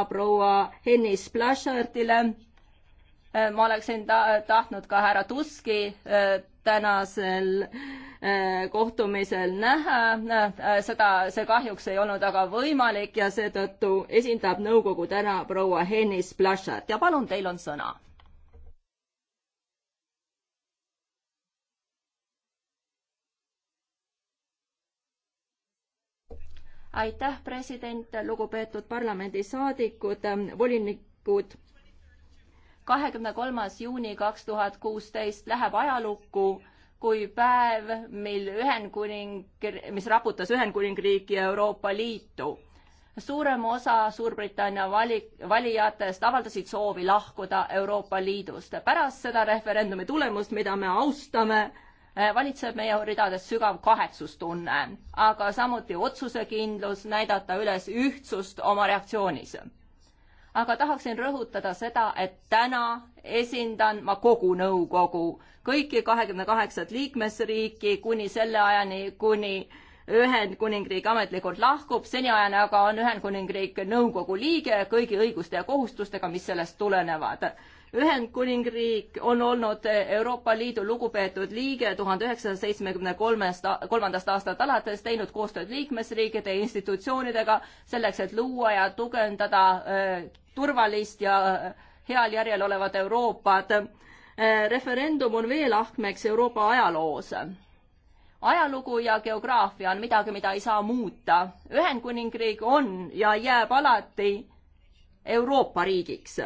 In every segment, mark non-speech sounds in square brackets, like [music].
ka proua Hennis Plašardile. Äh, ma oleksin ta tahtnud ka härra Tuski äh, tänasel äh, kohtumisel näha, seda, see kahjuks ei olnud aga võimalik ja seetõttu esindab nõukogu täna proua Hennis Plašart ja palun, teil on sõna aitäh, president, lugupeetud parlamendisaadikud, volinikud. kahekümne kolmas juuni kaks tuhat kuusteist läheb ajalukku kui päev, mil Ühendkuning, mis raputas Ühendkuningriiki ja Euroopa Liitu. suurem osa Suurbritannia vali, valijatest avaldasid soovi lahkuda Euroopa Liidust. pärast seda referendumi tulemust, mida me austame, Äh, valitseb meie ridades sügav kahetsustunne, aga samuti otsusekindlus näidata üles ühtsust oma reaktsioonis. aga tahaksin rõhutada seda, et täna esindan ma kogu nõukogu, kõiki kahekümne kaheksat liikmesriiki kuni selle ajani, kuni Ühendkuningriik ametlikult lahkub, seniajani aga on Ühendkuningriik nõukogu liige kõigi õiguste ja kohustustega, mis sellest tulenevad Ühendkuningriik on olnud Euroopa Liidu lugupeetud liige tuhande üheksasaja seitsmekümne kolmest, kolmandast aastast alates, teinud koostööd liikmesriikide institutsioonidega selleks, et luua ja tugevdada äh, turvalist ja äh, heal järjel olevat Euroopat. Äh, referendum on veel ahmeks Euroopa ajaloos ajalugu ja geograafia on midagi, mida ei saa muuta. Ühendkuningriik on ja jääb alati Euroopa riigiks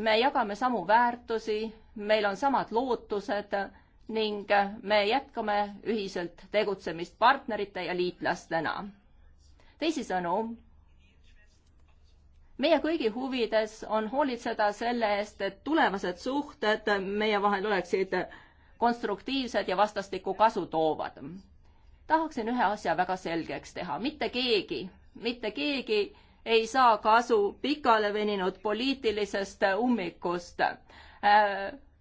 me jagame samu väärtusi, meil on samad lootused ning me jätkame ühiselt tegutsemist partnerite ja liitlastena. teisisõnu, meie kõigi huvides on hoolitseda selle eest, et tulevased suhted meie vahel oleksid konstruktiivsed ja vastastikku kasu toovad. tahaksin ühe asja väga selgeks teha, mitte keegi, mitte keegi ei saa kasu pikale veninud poliitilisest ummikust.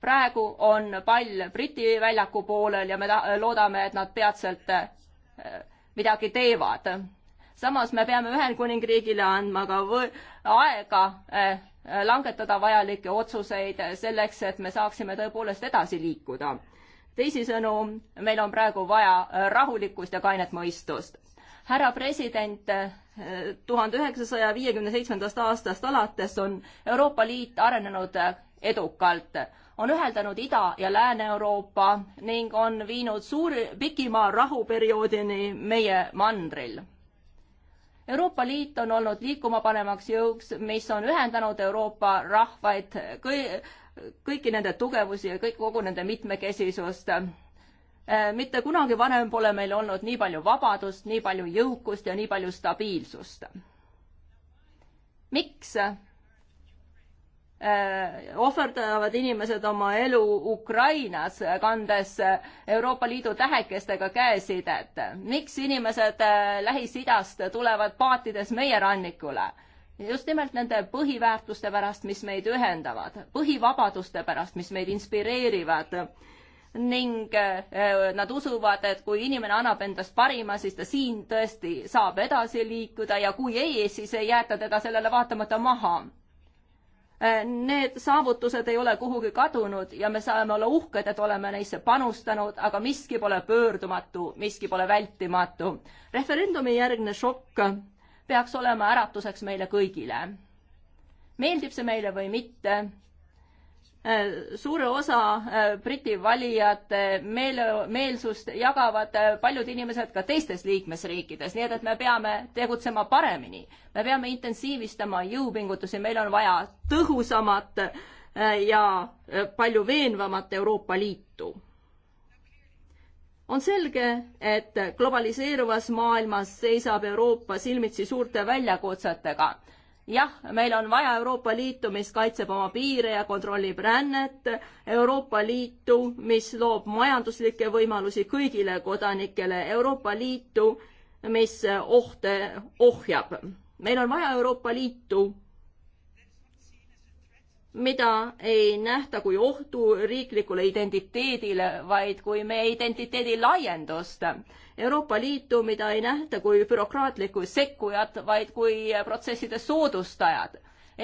praegu on pall Briti väljaku poolel ja me loodame, et nad peatselt eh, midagi teevad. samas me peame Ühendkuningriigile andma ka aega eh, langetada vajalikke otsuseid selleks, et me saaksime tõepoolest edasi liikuda. teisisõnu, meil on praegu vaja rahulikkust ja kainet mõistust härra president, tuhande üheksasaja viiekümne seitsmendast aastast alates on Euroopa Liit arenenud edukalt, on üheldanud Ida- ja Lääne-Euroopa ning on viinud suuri, pikima rahuperioodini meie mandril. Euroopa Liit on olnud liikumapanemaks jõuks, mis on ühendanud Euroopa rahvaid, kõi-, kõiki nende tugevusi ja kõik, kogu nende mitmekesisust Äh, mitte kunagi varem pole meil olnud nii palju vabadust, nii palju jõukust ja nii palju stabiilsust. miks äh, ohverdavad inimesed oma elu Ukrainas, kandes äh, Euroopa Liidu tähekestega käesidet? miks inimesed Lähis-Idast tulevad paatides meie rannikule? just nimelt nende põhiväärtuste pärast, mis meid ühendavad, põhivabaduste pärast, mis meid inspireerivad ning äh, nad usuvad, et kui inimene annab endast parima, siis ta siin tõesti saab edasi liikuda ja kui ei, siis ei jäeta teda sellele vaatamata maha. Äh, need saavutused ei ole kuhugi kadunud ja me saame olla uhked, et oleme neisse panustanud, aga miski pole pöördumatu, miski pole vältimatu. referendumi järgne šokk peaks olema äratuseks meile kõigile. meeldib see meile või mitte Äh, suure osa äh, Briti valijate meele, meelsust jagavad äh, paljud inimesed ka teistes liikmesriikides, nii et, et me peame tegutsema paremini. me peame intensiivistama jõupingutusi, meil on vaja tõhusamat ja palju veenvamat Euroopa Liitu. on selge, et globaliseeruvas maailmas seisab Euroopa silmitsi suurte väljakutsetega jah, meil on vaja Euroopa Liitu, mis kaitseb oma piire ja kontrollib rännet, Euroopa Liitu, mis loob majanduslikke võimalusi kõigile kodanikele, Euroopa Liitu, mis ohte ohjab. meil on vaja Euroopa Liitu, mida ei nähta kui ohtu riiklikule identiteedile, vaid kui meie identiteedi laiendust Euroopa Liitu, mida ei nähta kui bürokraatlikku sekkujat, vaid kui protsesside soodustajad.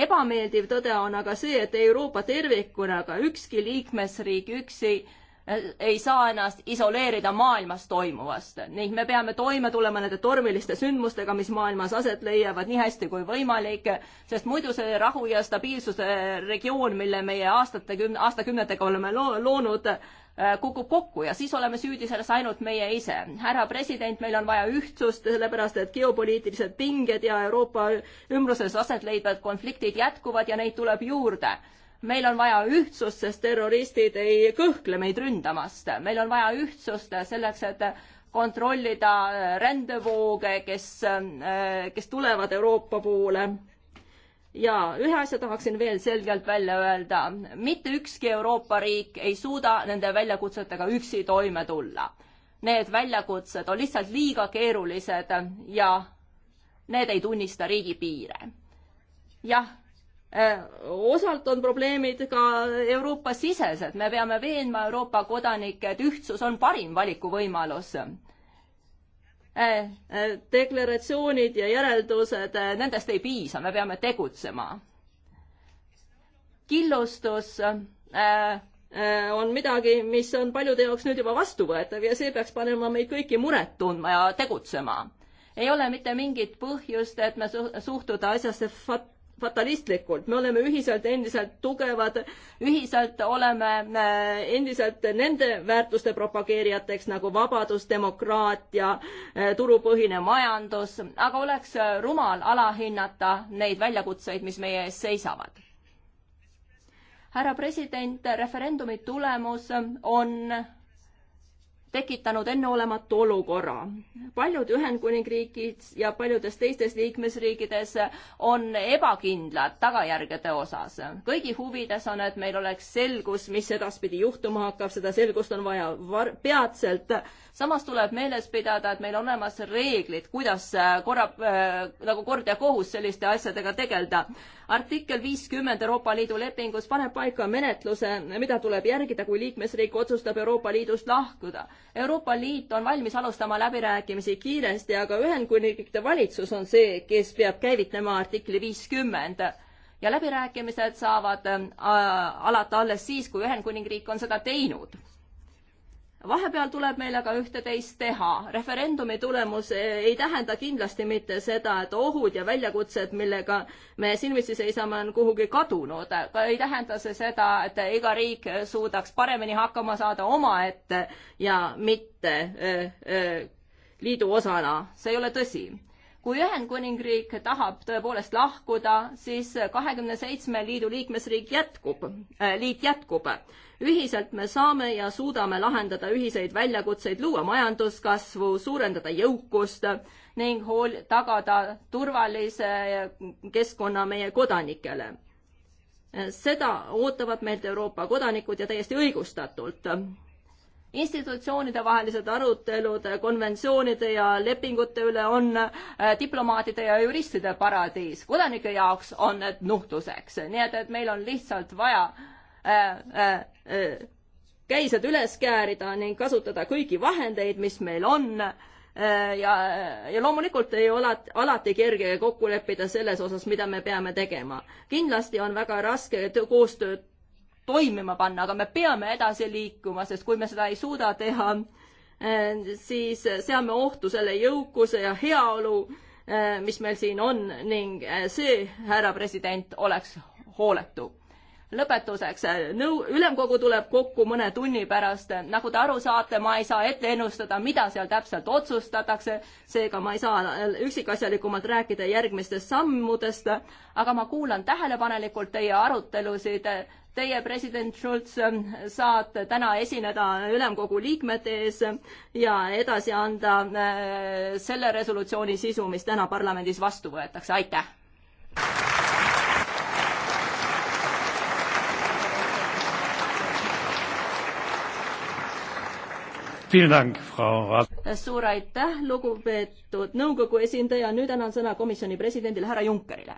ebameeldiv tõde on aga see, et Euroopa tervikuna, aga ükski liikmesriik üksi eh, ei saa ennast isoleerida maailmas toimuvast ning me peame toime tulema nende tormiliste sündmustega, mis maailmas aset leiavad, nii hästi kui võimalik, sest muidu see rahu ja stabiilsuse regioon, mille meie aastate, aastakümnetega oleme loonud, Äh, kukub kokku ja siis oleme süüdi selles ainult meie ise. härra president, meil on vaja ühtsust, sellepärast et geopoliitilised pinged ja Euroopa ümbruses aset leidvad konfliktid jätkuvad ja neid tuleb juurde meil on vaja ühtsust, sest terroristid ei kõhkle meid ründamast. meil on vaja ühtsust selleks, et kontrollida rändevooge, kes, äh, kes tulevad Euroopa poole ja ühe asja tahaksin veel selgelt välja öelda. mitte ükski Euroopa riik ei suuda nende väljakutsetega üksi toime tulla. Need väljakutsed on lihtsalt liiga keerulised ja need ei tunnista riigipiire. jah, eh, osalt on probleemid ka Euroopa-sisesed, me peame veenma Euroopa kodanikke, et ühtsus on parim valikuvõimalus Äh, äh, deklaratsioonid ja järeldused, äh, nendest ei piisa, me peame tegutsema. killustus on midagi, mis on paljude jaoks nüüd juba vastuvõetav ja see peaks panema meid kõiki muret tundma ja tegutsema. ei ole mitte mingit põhjust, et me suhtuda asjasse fat-, fatalistlikult, me oleme ühiselt endiselt tugevad, ühiselt oleme äh, endiselt nende väärtuste propageerijateks nagu vabadus, demokraatia, äh, turupõhine majandus, aga oleks äh, rumal alahinnata neid väljakutseid, mis meie ees seisavad. härra president, referendumi tulemus on tekitanud enneolematu olukorra. paljud Ühendkuningriigid ja paljudes teistes liikmesriikides on ebakindlad tagajärgede osas. kõigi huvides on, et meil oleks selgus, mis edaspidi juhtuma hakkab, seda selgust on vaja var-, peatselt samas tuleb meeles pidada, et meil on olemas reeglid, kuidas äh, korra äh,, nagu kord ja kohus selliste asjadega tegeleda. artikkel viiskümmend Euroopa Liidu lepingus paneb paika menetluse, mida tuleb järgida, kui liikmesriik otsustab Euroopa Liidust lahkuda. Euroopa Liit on valmis alustama läbirääkimisi kiiresti, aga Ühendkuningriikide valitsus on see, kes peab käivitama artikli viiskümmend ja läbirääkimised saavad äh, alata alles siis, kui Ühendkuningriik on seda teinud vahepeal tuleb meil aga ühte-teist teha. referendumi tulemus eh, ei tähenda kindlasti mitte seda, et ohud ja väljakutsed, millega me silmitsi seisame, on kuhugi kadunud. ei tähenda see seda, et iga riik suudaks paremini hakkama saada omaette ja mitte eh, eh, liidu osana. see ei ole tõsi kui Ühendkuningriik tahab tõepoolest lahkuda, siis kahekümne seitsme liidu liikmesriik jätkub, liit jätkub ühiselt me saame ja suudame lahendada ühiseid väljakutseid, luua majanduskasvu, suurendada jõukust ning hool-, tagada turvalise keskkonna meie kodanikele. seda ootavad meilt Euroopa kodanikud ja täiesti õigustatult institutsioonidevahelised arutelud konventsioonide ja lepingute üle on äh, diplomaatide ja juristide paradiis. kodanike jaoks on need nuhtluseks, nii et, et meil on lihtsalt vaja äh, Äh, äh, käised üles käärida ning kasutada kõiki vahendeid, mis meil on. Äh, ja, ja loomulikult ei ole alati kerge kokku leppida selles osas, mida me peame tegema. kindlasti on väga raske koostööd toimima panna, aga me peame edasi liikuma, sest kui me seda ei suuda teha, siis seame ohtu selle jõukuse ja heaolu, mis meil siin on ning see, härra president, oleks hooletu lõpetuseks, nõu, ülemkogu tuleb kokku mõne tunni pärast, nagu te aru saate, ma ei saa ette ennustada, mida seal täpselt otsustatakse, seega ma ei saa üksikasjalikumalt rääkida järgmistest sammudest, aga ma kuulan tähelepanelikult teie arutelusid, teie, president Schulz, saate täna esineda ülemkogu liikmete ees ja edasi anda äh, selle resolutsiooni sisu, mis täna parlamendis vastu võetakse, aitäh! suur aitäh, lugupeetud nõukogu esindaja, nüüd annan sõna komisjoni presidendile härra Junckerile.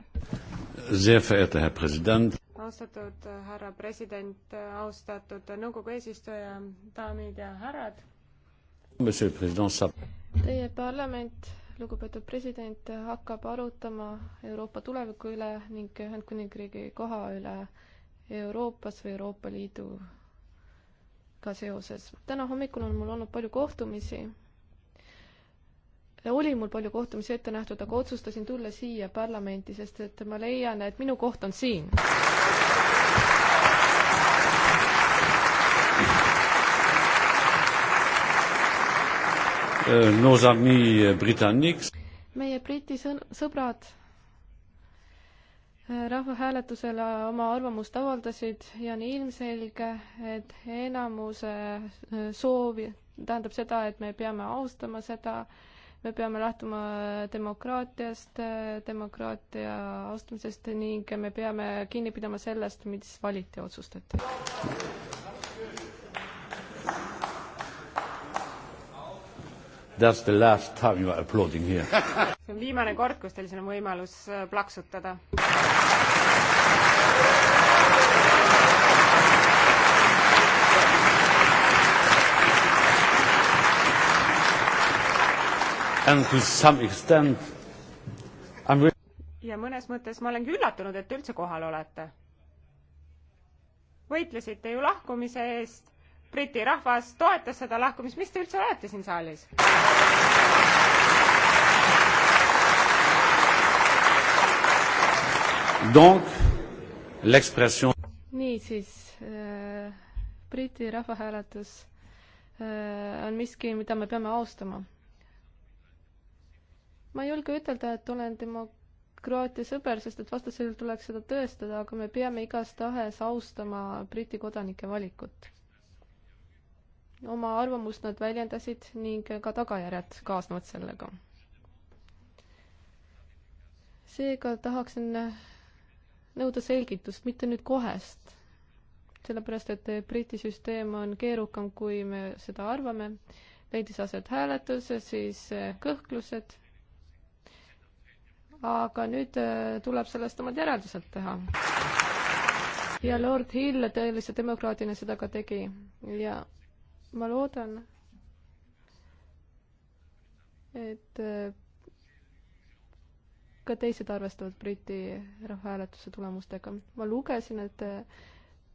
austatud äh, härra president, äh, austatud nõukogu eesistuja, daamid ja härrad. Teie parlament, lugupeetud president, hakkab arutama Euroopa tuleviku üle ning Ühendkuningriigi koha üle Euroopas või Euroopa Liidu ka seoses. täna hommikul on mul olnud palju kohtumisi. oli mul palju kohtumisi ette nähtud, aga otsustasin tulla siia parlamenti, sest et ma leian, et minu koht on siin. Äh, meie Briti sõbrad rahvahääletusele oma arvamust avaldasid ja on ilmselge, et enamuse äh, soovi tähendab seda, et me peame austama seda, me peame lähtuma demokraatiast, demokraatia austamisest ning me peame kinni pidama sellest, mis valiti otsustati. That's the last time you are applauding here. [laughs] see on viimane kord, kus teil siin on võimalus äh, plaksutada. And to some extent I am ja mõnes mõttes ma olengi üllatunud, et te üldse kohal olete. võitlesite ju lahkumise eest Briti rahvas toetas seda lahkumist, mis te üldse olete siin saalis? niisiis äh,, Briti rahvahääletus äh, on miski, mida me peame austama. ma ei julge ütelda, et olen demok-, Kroatia sõber, sest et vastasel tuleks seda tõestada, aga me peame igastahes austama Briti kodanike valikut oma arvamust nad väljendasid ning ka tagajärjed kaasnevad sellega. seega tahaksin nõuda selgitust, mitte nüüd kohest, sellepärast et Briti süsteem on keerukam, kui me seda arvame, leidis aset hääletus, siis eh, kõhklused, aga nüüd eh, tuleb sellest omad järeldused teha. ja Lord Hill tõelise demokraadina seda ka tegi ja ma loodan, et äh, ka teised arvestavad Briti rahvahääletuse tulemustega. ma lugesin, et äh,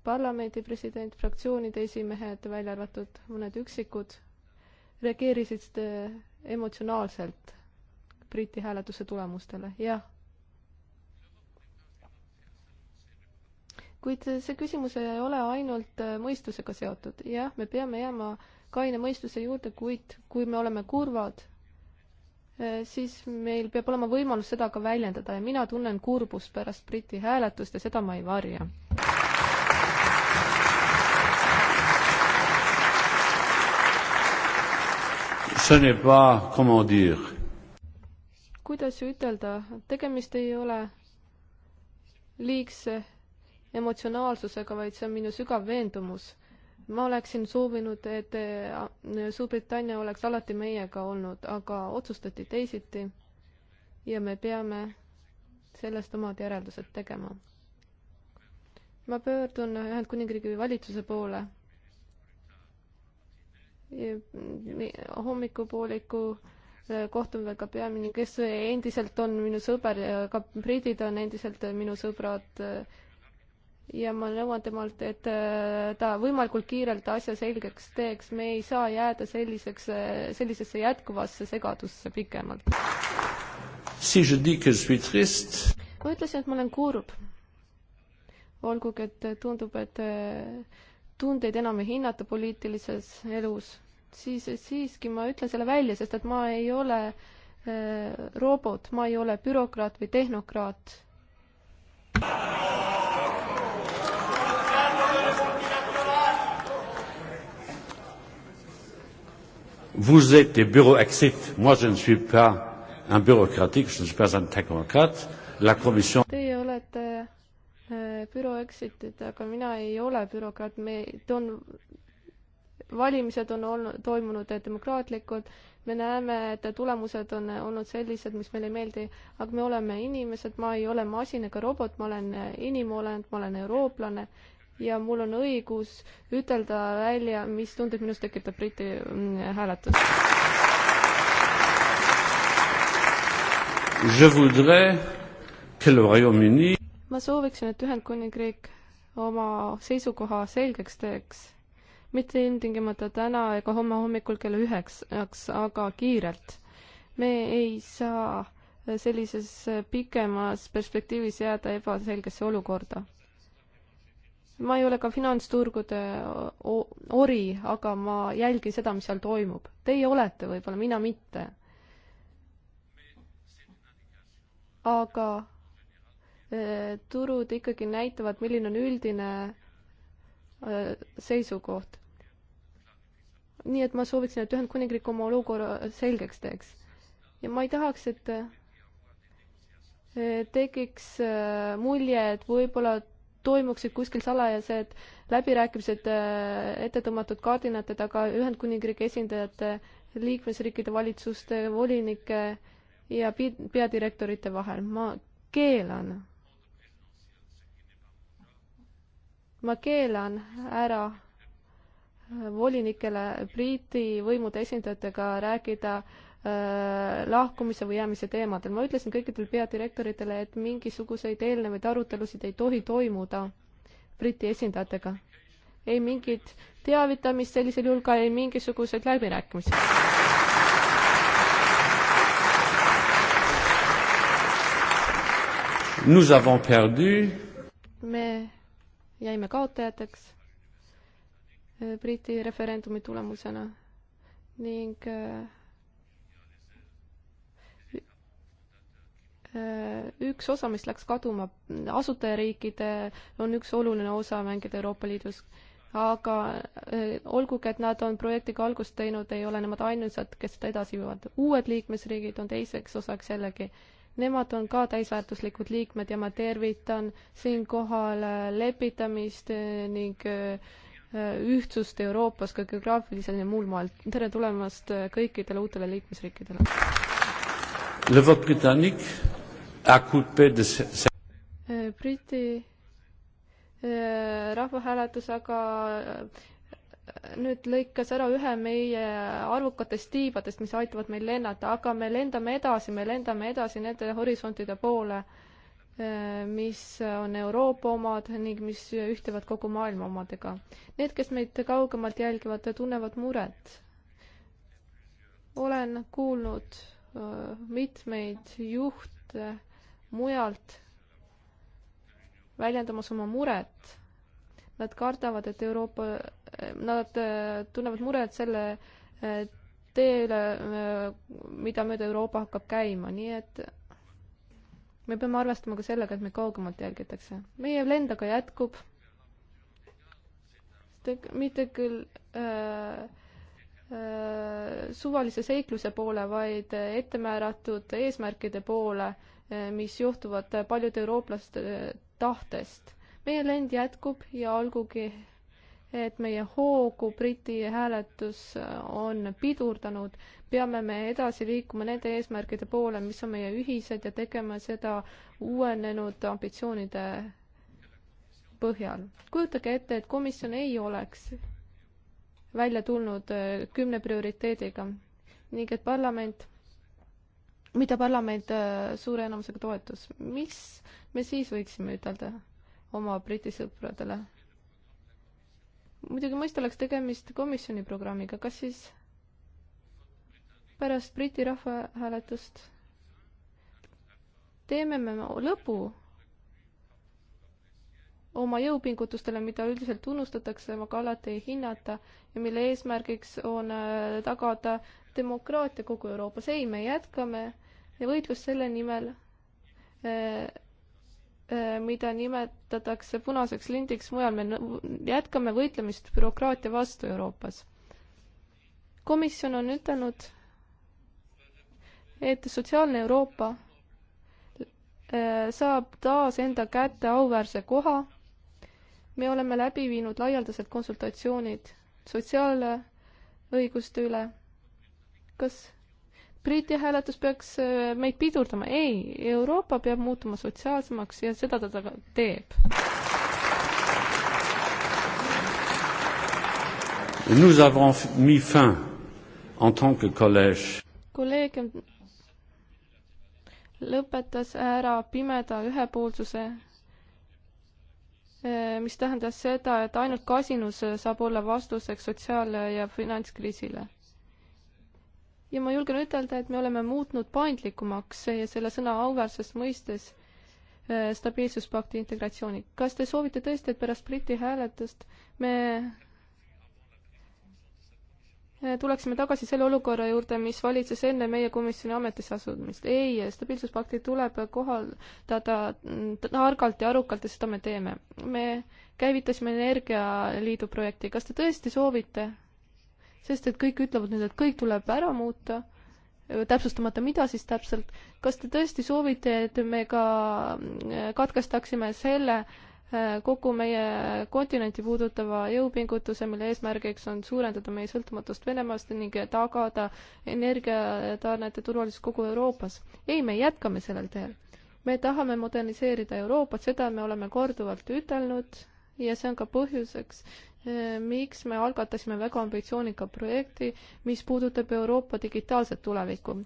parlamendi president, fraktsioonide esimehed, välja arvatud mõned üksikud, reageerisid äh, emotsionaalselt Briti hääletuse tulemustele, jah. kuid see küsimus ei ole ainult äh, mõistusega seotud. jah, me peame jääma kaine mõistuse juurde, kuid kui me oleme kurvad, äh, siis meil peab olema võimalus seda ka väljendada ja mina tunnen kurbust pärast Briti hääletust ja seda ma ei varja. kuidas ütelda, tegemist ei ole liigse emotsionaalsusega, vaid see on minu sügav veendumus. ma oleksin soovinud, et eh, Suurbritannia oleks alati meiega olnud, aga otsustati teisiti ja me peame sellest omad järeldused tegema. ma pöördun Ühendkuningriigi valitsuse poole. hommikupooliku eh, kohtume ka peaministri, kes endiselt on minu sõber ja ka britid on endiselt eh, minu sõbrad ja ma nõuan temalt, et äh, ta võimalikult kiirelt asja selgeks teeks, me ei saa jääda selliseks, äh, sellisesse jätkuvasse segadusse pikemalt. ma ütlesin, et ma olen kurb. olgugi, et tundub, et äh, tundeid enam ei hinnata poliitilises elus, siis siiski ma ütlen selle välja, sest et ma ei ole äh, robot, ma ei ole bürokraat või tehnokraat. Vous êtes des bureaucrates. Moi, je ne suis pas un bureaucratique, je ne suis pas un technocrate. La commission. Teie olete äh, büroexitid, aga mina ei ole bürokraat, me toon, valimised on olnud, toimunud demokraatlikult, me näeme, et tulemused on olnud sellised, mis meile ei meeldi, aga me oleme inimesed, ma ei ole masin ega robot, ma olen inimolend, ma olen eurooplane ja mul on õigus ütelda välja, mis tunded minus tekitab Briti mm, hääletus. ma sooviksin, et Ühendkuningriik oma seisukoha selgeks teeks, mitte ilmtingimata täna ega homme hommikul kella üheksaks, aga kiirelt. me ei saa sellises pikemas perspektiivis jääda ebaselgesse olukorda ma ei ole ka finantsturgude ori, aga ma jälgin seda, mis seal toimub. Teie olete võib-olla, mina mitte. aga eh, turud ikkagi näitavad, milline on üldine eh, seisukoht. nii et ma sooviksin, et Ühendkuningriik oma olukorra selgeks teeks. ja ma ei tahaks, et eh, tekiks e, mulje, et võib-olla toimuksid kuskil salajased läbirääkimised äh, ette tõmmatud kardinate taga Ühendkuningriigi esindajate, liikmesriikide valitsuste, volinike ja peadirektorite vahel. ma keelan, ma keelan ära äh, volinikele Briti võimude esindajatega rääkida äh, Äh, lahkumise või jäämise teemadel. ma ütlesin kõikidele peadirektoritele, et mingisuguseid eelnevaid arutelusid ei tohi toimuda Briti esindajatega. ei mingit teavitamist sellisel juhul ka, ei mingisuguseid läbirääkimisi. Nous avons perdu. me jäime kaotajateks äh, Briti referendumi tulemusena ning äh, Äh, üks osa, mis läks kaduma, asutajariikide on üks oluline osa mängida Euroopa Liidus, aga äh, olgugi, et nad on projektiga algust teinud, ei ole nemad ainusad, kes seda edasi viivad. uued liikmesriigid on teiseks osaks jällegi. Nemad on ka täisväärtuslikud liikmed ja ma tervitan siinkohal äh, lepitamist ning ühtsust Euroopas ka geograafilisel ja muul maal. tere tulemast kõikidele uutele liikmesriikidele! Le vote britannique Eh, Briti eh, rahvahääletus aga eh, nüüd lõikas ära ühe meie arvukatest tiibadest, mis aitavad meil lennata, aga me lendame edasi, me lendame edasi nende horisontide poole, mis on Euroopa omad ning mis ühtivad kogu maailma omadega. Need, kes meid kaugemalt jälgivad, tunnevad muret. olen kuulnud mitmeid juhte mujalt väljendamas oma muret. Nad kardavad, et Euroopa, nad äh, tunnevad muret selle äh, tee üle, äh, mida mööda Euroopa hakkab käima, nii et me peame arvestama ka sellega, et meid kaugemalt jälgitakse. meie lend aga jätkub. mitte küll äh, äh, suvalise seikluse poole, vaid ettemääratud eesmärkide poole Eh, mis johtuvad eh, paljude eurooplaste eh, tahtest. meie lend jätkub ja olgugi, et meie hoogu Briti hääletus on pidurdanud, peame me edasi liikuma nende eesmärkide poole, mis on meie ühised ja tegema seda uuenenud ambitsioonide põhjal. kujutage ette, et komisjon ei oleks välja tulnud kümne prioriteediga ning et parlament mida parlament äh, suure enamusega toetas. mis me siis võiksime ütelda oma Briti sõpradele? muidugi mõista oleks tegemist komisjoni programmiga, kas siis pärast Briti rahvahääletust teeme me lõpu oma jõupingutustele, mida üldiselt tunnustatakse, aga alati ei hinnata ja mille eesmärgiks on äh, tagada demokraatia kogu Euroopas. ei, me jätkame ja võitlus selle nimel, eh, eh, mida nimetatakse punaseks lindiks mujal, me jätkame võitlemist bürokraatia vastu Euroopas. komisjon on ütelnud, et sotsiaalne Euroopa eh, saab taas enda kätte auväärse koha. me oleme läbi viinud laialdased konsultatsioonid sotsiaalõiguste üle. kas Briti hääletus peaks äh, meid pidurdama. ei, Euroopa peab muutuma sotsiaalsemaks ja seda ta, ta teeb. Nous avons mis fin en tant que collège. kolleegium lõpetas ära pimeda ühepoolsuse, äh, mis tähendas seda, et ainult kasinus saab olla vastuseks sotsiaal- ja finantskriisile ja ma julgen ütelda, et me oleme muutnud paindlikumaks selle sõna auväärses mõistes äh, stabiilsuspakti integratsiooni. kas te soovite tõesti, et pärast Briti hääletust me äh, tuleksime tagasi selle olukorra juurde, mis valitses enne meie komisjoni ametisse asumist. ei, stabiilsuspakti tuleb kohaldada targalt ja arukalt ja seda me teeme. me käivitasime Energialiidu projekti, kas te tõesti soovite, sest et kõik ütlevad nüüd, et kõik tuleb ära muuta, täpsustamata, mida siis täpselt. kas te tõesti soovite, et me ka äh, katkestaksime selle äh, kogu meie kontinenti puudutava jõupingutuse, mille eesmärgiks on suurendada meie sõltumatust Venemaast ning tagada energiatarnete turvalisus kogu Euroopas? ei, me jätkame sellel teel. me tahame moderniseerida Euroopat, seda me oleme korduvalt ütelnud ja see on ka põhjuseks, eh, miks me algatasime väga ambitsioonika projekti, mis puudutab Euroopa digitaalset tulevikku.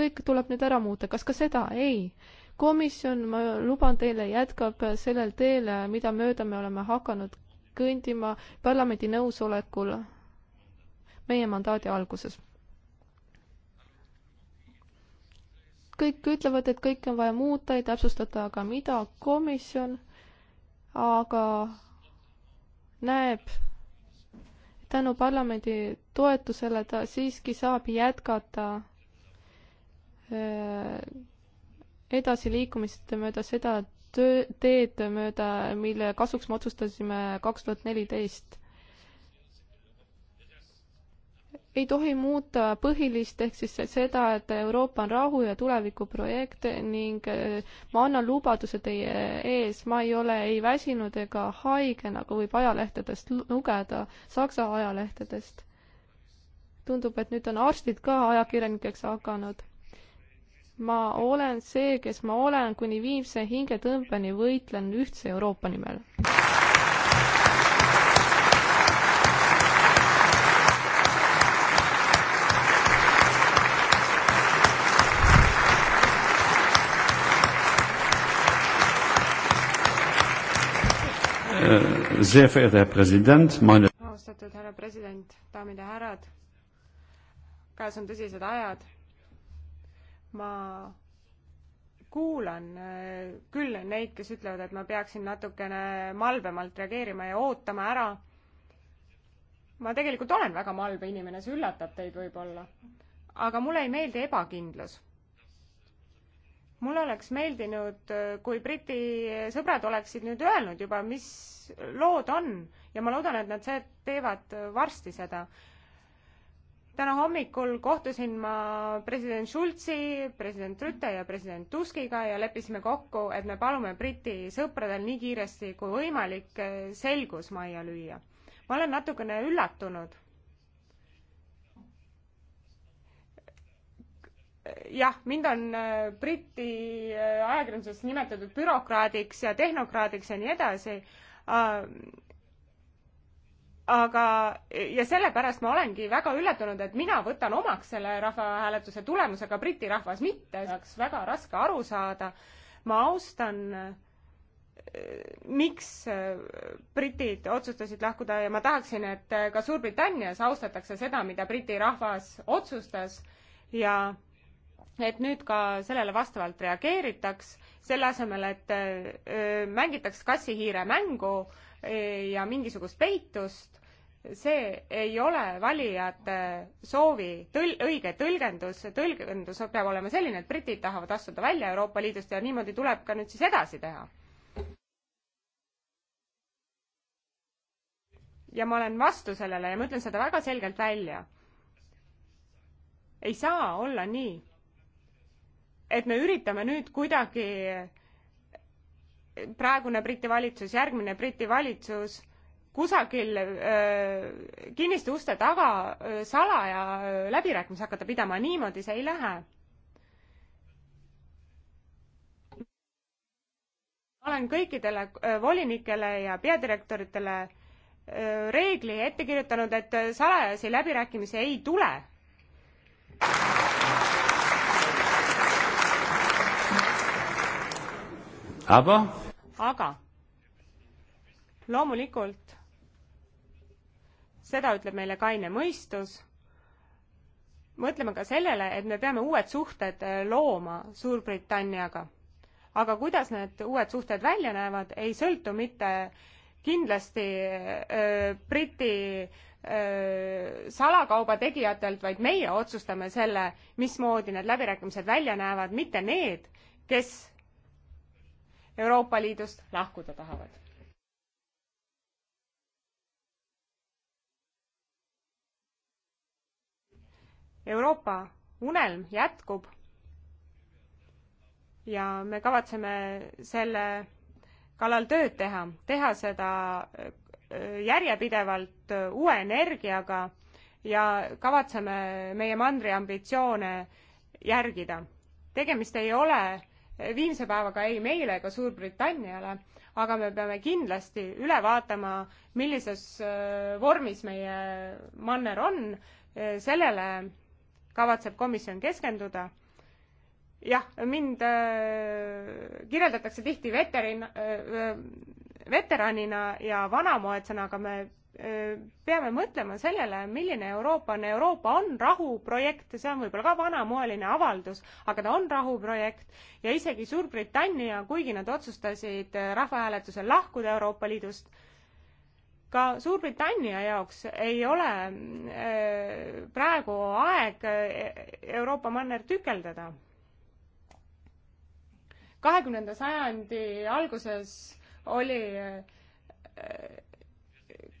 kõik tuleb nüüd ära muuta, kas ka seda? ei. komisjon, ma luban teile, jätkab sellel teel, mida mööda me oleme hakanud kõndima parlamendi nõusolekul meie mandaadi alguses. kõik ütlevad, et kõike on vaja muuta ja täpsustada, aga mida komisjon, aga näeb tänu parlamendi toetusele ta siiski saab jätkata äh, edasiliikumist mööda seda töö, teed mööda, mille kasuks me otsustasime kaks tuhat neliteist. ei tohi muuta põhilist, ehk siis seda, et Euroopa on rahu ja tulevikuprojekt ning äh, ma annan lubaduse teie ees, ma ei ole ei väsinud ega haige, nagu võib ajalehtedest lugeda, Saksa ajalehtedest. tundub, et nüüd on arstid ka ajakirjanikeks hakanud. ma olen see, kes ma olen, kuni viimse hingetõmbeni võitlen ühtse Euroopa nimel. Äh, sehr verehrter Herr Präsident, meine austatud härra president, daamid ja härrad, käes on tõsised ajad. ma kuulan äh, küll neid, kes ütlevad, et ma peaksin natukene malbemalt reageerima ja ootama ära. ma tegelikult olen väga malbe inimene, see üllatab teid võib-olla. aga mulle ei meeldi ebakindlus mul oleks meeldinud, äh, kui Briti sõbrad oleksid nüüd öelnud juba, mis lood on ja ma loodan, et nad see, teevad äh, varsti seda. täna hommikul kohtusin ma president Schulzi, president Rüte ja president Tuskiga ja leppisime kokku, et me palume Briti sõpradel nii kiiresti kui võimalik äh, selgus majja lüüa. ma olen natukene üllatunud, jah, mind on äh, Briti äh, ajakirjanduses nimetatud bürokraadiks ja tehnokraadiks ja nii edasi. Äh, aga, ja sellepärast ma olengi väga üllatunud, et mina võtan omaks selle rahvahääletuse tulemuse, aga Briti rahvas mitte, oleks väga raske aru saada. ma austan miks britid otsustasid lahkuda ja ma tahaksin, et ka Suurbritannias austatakse seda, mida Briti rahvas otsustas ja et nüüd ka sellele vastavalt reageeritaks, selle asemel, et äh, mängitaks kassi-hiire mängu äh, ja mingisugust peitust, see ei ole valijate soovi tõl-, õige tõlgendus, tõlgendus peab olema selline, et britid tahavad astuda välja Euroopa Liidust ja niimoodi tuleb ka nüüd siis edasi teha. ja ma olen vastu sellele ja ma ütlen seda väga selgelt välja. ei saa olla nii et me üritame nüüd kuidagi praegune Briti valitsus, järgmine Briti valitsus kusagil kinniste uste taga öö, salaja läbirääkimisi hakata pidama, niimoodi see ei lähe. olen kõikidele öö, volinikele ja peadirektoritele öö, reegli ette kirjutanud, et salajasi läbirääkimisi ei tule Aber? aga loomulikult seda ütleb meile kaine mõistus. mõtleme ka sellele, et me peame uued suhted äh, looma Suurbritanniaga. aga kuidas need uued suhted välja näevad, ei sõltu mitte kindlasti öö, äh, Briti öö, äh, salakauba tegijatelt, vaid meie otsustame selle, mismoodi need läbirääkimised välja näevad, mitte need, kes Euroopa Liidust lahkuda tahavad. Euroopa unelm jätkub ja me kavatseme selle kallal tööd teha, teha seda äh, järjepidevalt äh, uue energiaga ja kavatseme meie mandri ambitsioone järgida. tegemist ei ole viimse päevaga ei meile ega Suurbritanniale, aga me peame kindlasti üle vaatama, millises vormis meie manner on, sellele kavatseb komisjon keskenduda. jah, mind kirjeldatakse tihti veterin-, veteranina ja vanamoedsena, aga me Äh, peame mõtlema sellele, milline Euroopa on. Euroopa on rahuprojekt, see on võib-olla ka vanamoeline avaldus, aga ta on rahuprojekt ja isegi Suurbritannia, kuigi nad otsustasid äh, rahvahääletusel lahkuda Euroopa Liidust, ka Suurbritannia jaoks ei ole äh, praegu aeg Euroopa manner tükeldada. kahekümnenda sajandi alguses oli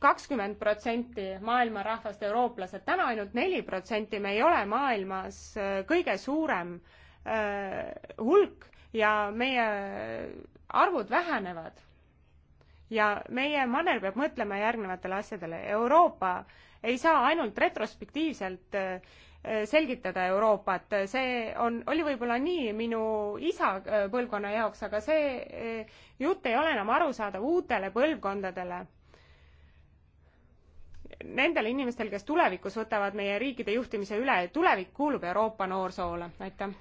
kakskümmend protsenti maailma rahvast eurooplased, täna ainult neli protsenti, me ei ole maailmas äh, kõige suurem äh, hulk ja meie arvud vähenevad. ja meie manner peab mõtlema järgnevatele asjadele. Euroopa ei saa ainult retrospektiivselt äh, selgitada Euroopat, see on, oli võib-olla nii minu isa äh, põlvkonna jaoks, aga see äh, jutt ei ole enam arusaadav uutele põlvkondadele nendel inimestel, kes tulevikus võtavad meie riikide juhtimise üle, tulevik kuulub Euroopa noorsoole, aitäh.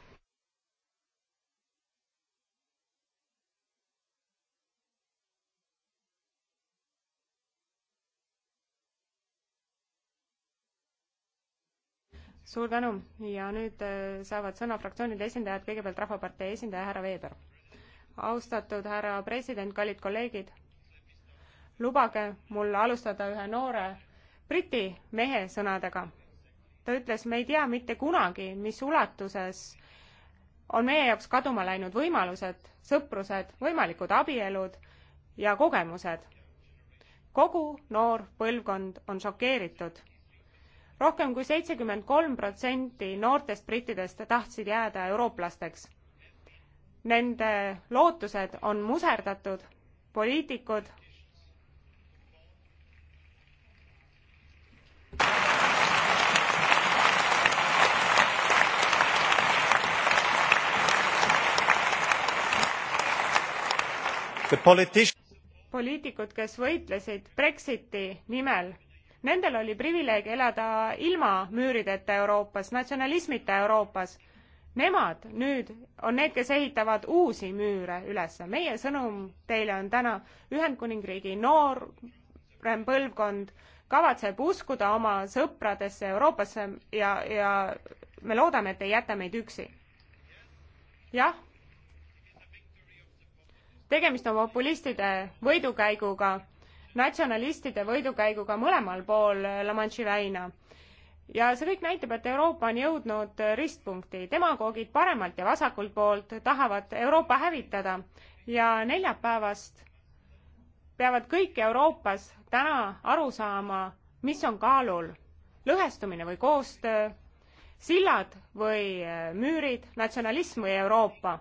suur tänu ja nüüd äh, saavad sõna fraktsioonide esindajad, kõigepealt Rahvapartei esindaja härra Veeber. austatud härra president, kallid kolleegid, lubage mul alustada ühe noore Briti mehe sõnadega. ta ütles, me ei tea mitte kunagi, mis ulatuses on meie jaoks kaduma läinud võimalused, sõprused, võimalikud abielud ja kogemused. kogu noor põlvkond on šokeeritud rohkem kui seitsekümmend kolm protsenti noortest brittidest tahtsid jääda eurooplasteks. Nende lootused on muserdatud, poliitikud poliitikud, kes võitlesid Brexiti nimel, nendel oli privileeg elada ilma müürideta Euroopas, natsionalismita Euroopas. Nemad nüüd on need, kes ehitavad uusi müüre üles. meie sõnum teile on täna Ühendkuningriigi noorem põlvkond kavatseb uskuda oma sõpradesse Euroopasse ja, ja me loodame, et ei jäta meid üksi. jah tegemist on populistide võidukäiguga, natsionalistide võidukäiguga mõlemal pool La Manche'i väina. ja see kõik näitab, et Euroopa on jõudnud ristpunkti. demagoogid paremalt ja vasakult poolt tahavad Euroopa hävitada ja neljapäevast peavad kõik Euroopas täna aru saama, mis on kaalul lõhestumine või koostöö, sillad või müürid, natsionalism või Euroopa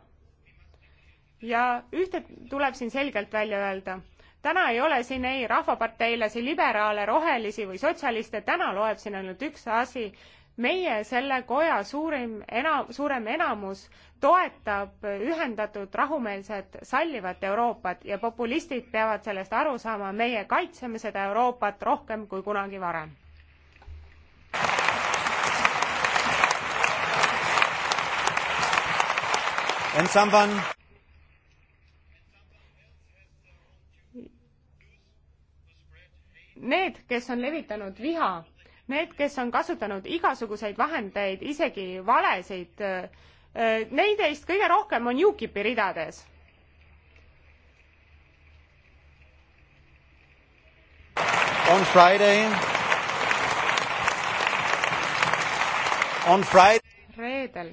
ja ühte tuleb siin selgelt välja öelda. täna ei ole siin ei rahvaparteilasi, liberaale, rohelisi või sotsialiste, täna loeb siin ainult üks asi. meie selle koja suurim ena-, suurem enamus toetab ühendatud rahumeelset sallivat Euroopat ja populistid peavad sellest aru saama, meie kaitseme seda Euroopat rohkem kui kunagi varem. And someone need, kes on levitanud viha, need, kes on kasutanud igasuguseid vahendeid, isegi valesid, äh, neid teist kõige rohkem on UKIP-i ridades. On Friday, on Friday reedel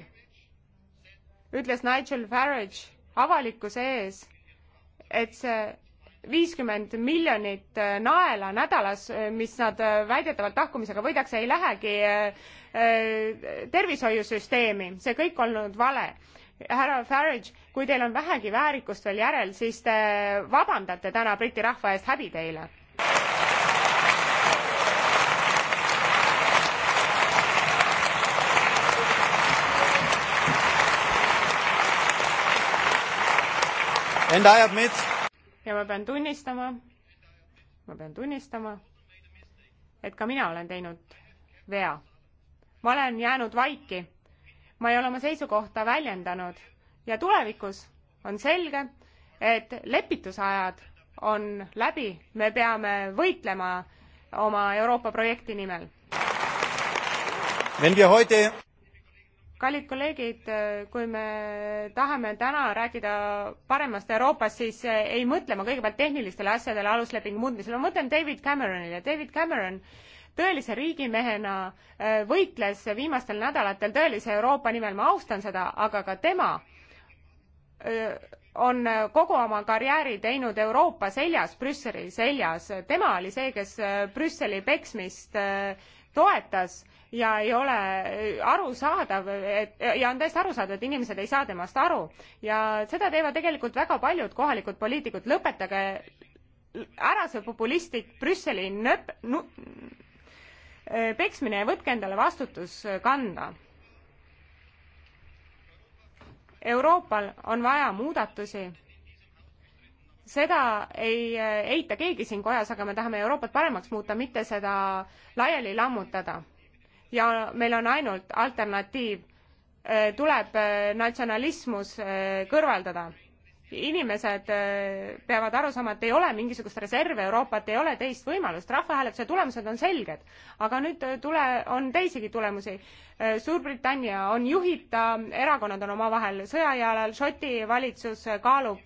ütles Nigel Farage avalikkuse ees, et see viiskümmend miljonit äh, naela nädalas, äh, mis nad äh, väidetavalt lahkumisega võidakse, ei lähegi tervishoiusüsteemi, see kõik olnud vale. härra Farage, kui teil on vähegi väärikust veel järel, siis te vabandate täna Briti rahva eest, häbi teile. And I admit ja ma pean tunnistama, ma pean tunnistama, et ka mina olen teinud vea. ma olen jäänud vaiki, ma ei ole oma seisukohta väljendanud ja tulevikus on selge, et lepitusajad on läbi, me peame võitlema oma Euroopa projekti nimel. Heute kallid kolleegid, kui me tahame täna rääkida paremast Euroopast, siis eh, ei mõtle ma kõigepealt tehnilistele asjadele aluslepingu muutmisel, ma mõtlen David Cameronile. David Cameron tõelise riigimehena eh, võitles viimastel nädalatel tõelise Euroopa nimel, ma austan seda, aga ka tema eh, on kogu oma karjääri teinud Euroopa seljas, Brüsseli seljas. tema oli see, kes Brüsseli peksmist toetas ja ei ole äh, arusaadav, et ja on täiesti arusaadav, et inimesed ei saa temast aru ja seda teevad tegelikult väga paljud kohalikud poliitikud, lõpetage ära see populistlik Brüsseli nööp, nu-, äh, peksmine ja võtke endale vastutus äh, kanda. Euroopal on vaja muudatusi seda ei eita keegi siin kojas, aga me tahame Euroopat paremaks muuta, mitte seda laiali lammutada ja meil on ainult alternatiiv, äh, tuleb äh, natsionalismus äh, kõrvaldada inimesed äh, peavad aru saama, et ei ole mingisugust reserve Euroopat, ei ole teist võimalust, rahvahääletuse tulemused on selged. aga nüüd äh, tule, on teisigi tulemusi. Äh, Suurbritannia on juhita, erakonnad on omavahel sõjajalal, Šoti valitsus kaalub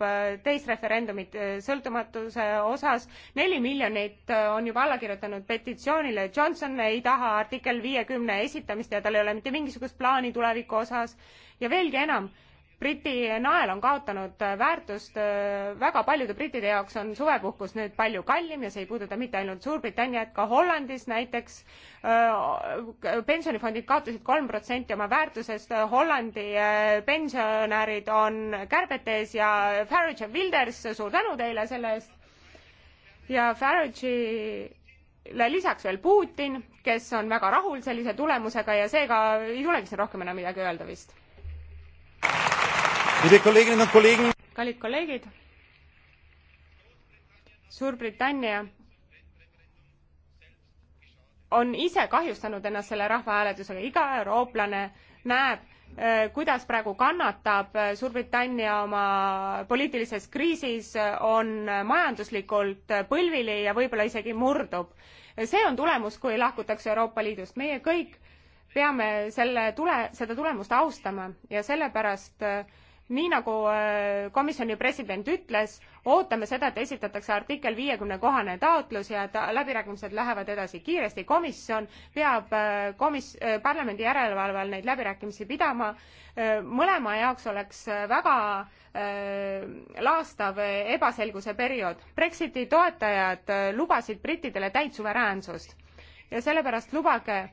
teist referendumit sõltumatuse osas, neli miljonit on juba alla kirjutanud petitsioonile, Johnson ei taha artikkel viiekümne esitamist ja tal ei ole mitte mingisugust plaani tuleviku osas ja veelgi enam Briti nael on kaotanud äh, väärtust, äh, väga paljude brittide jaoks on suvepuhkus nüüd palju kallim ja see ei puuduta mitte ainult Suurbritanniat, ka Hollandis näiteks äh, pensionifondid kaotasid kolm protsenti oma väärtusest, Hollandi pensionärid on kärbete ees ja Farage ja Wilders, suur tänu teile selle eest, ja Farage'i lisaks veel Putin, kes on väga rahul sellise tulemusega ja seega ei tulegi siin rohkem enam midagi öelda vist kallid kolleegid, Suurbritannia on ise kahjustanud ennast selle rahvahääletusega, iga eurooplane näeb, eh, kuidas praegu kannatab eh, Suurbritannia oma poliitilises kriisis, eh, on majanduslikult põlvili ja võib-olla isegi murdub. see on tulemus, kui lahkutakse Euroopa Liidust, meie kõik peame selle tule, seda tulemust austama ja sellepärast äh, nii nagu äh, komisjoni president ütles, ootame seda, et esitatakse artikkel viiekümne kohane taotlus ja ta, läbirääkimised lähevad edasi kiiresti. komisjon peab äh, komis-, äh, parlamendi järelevalve all neid läbirääkimisi pidama. mõlema jaoks oleks väga laastav ebaselguse periood. Brexiti toetajad lubasid brittidele täit suveräänsust ja sellepärast lubage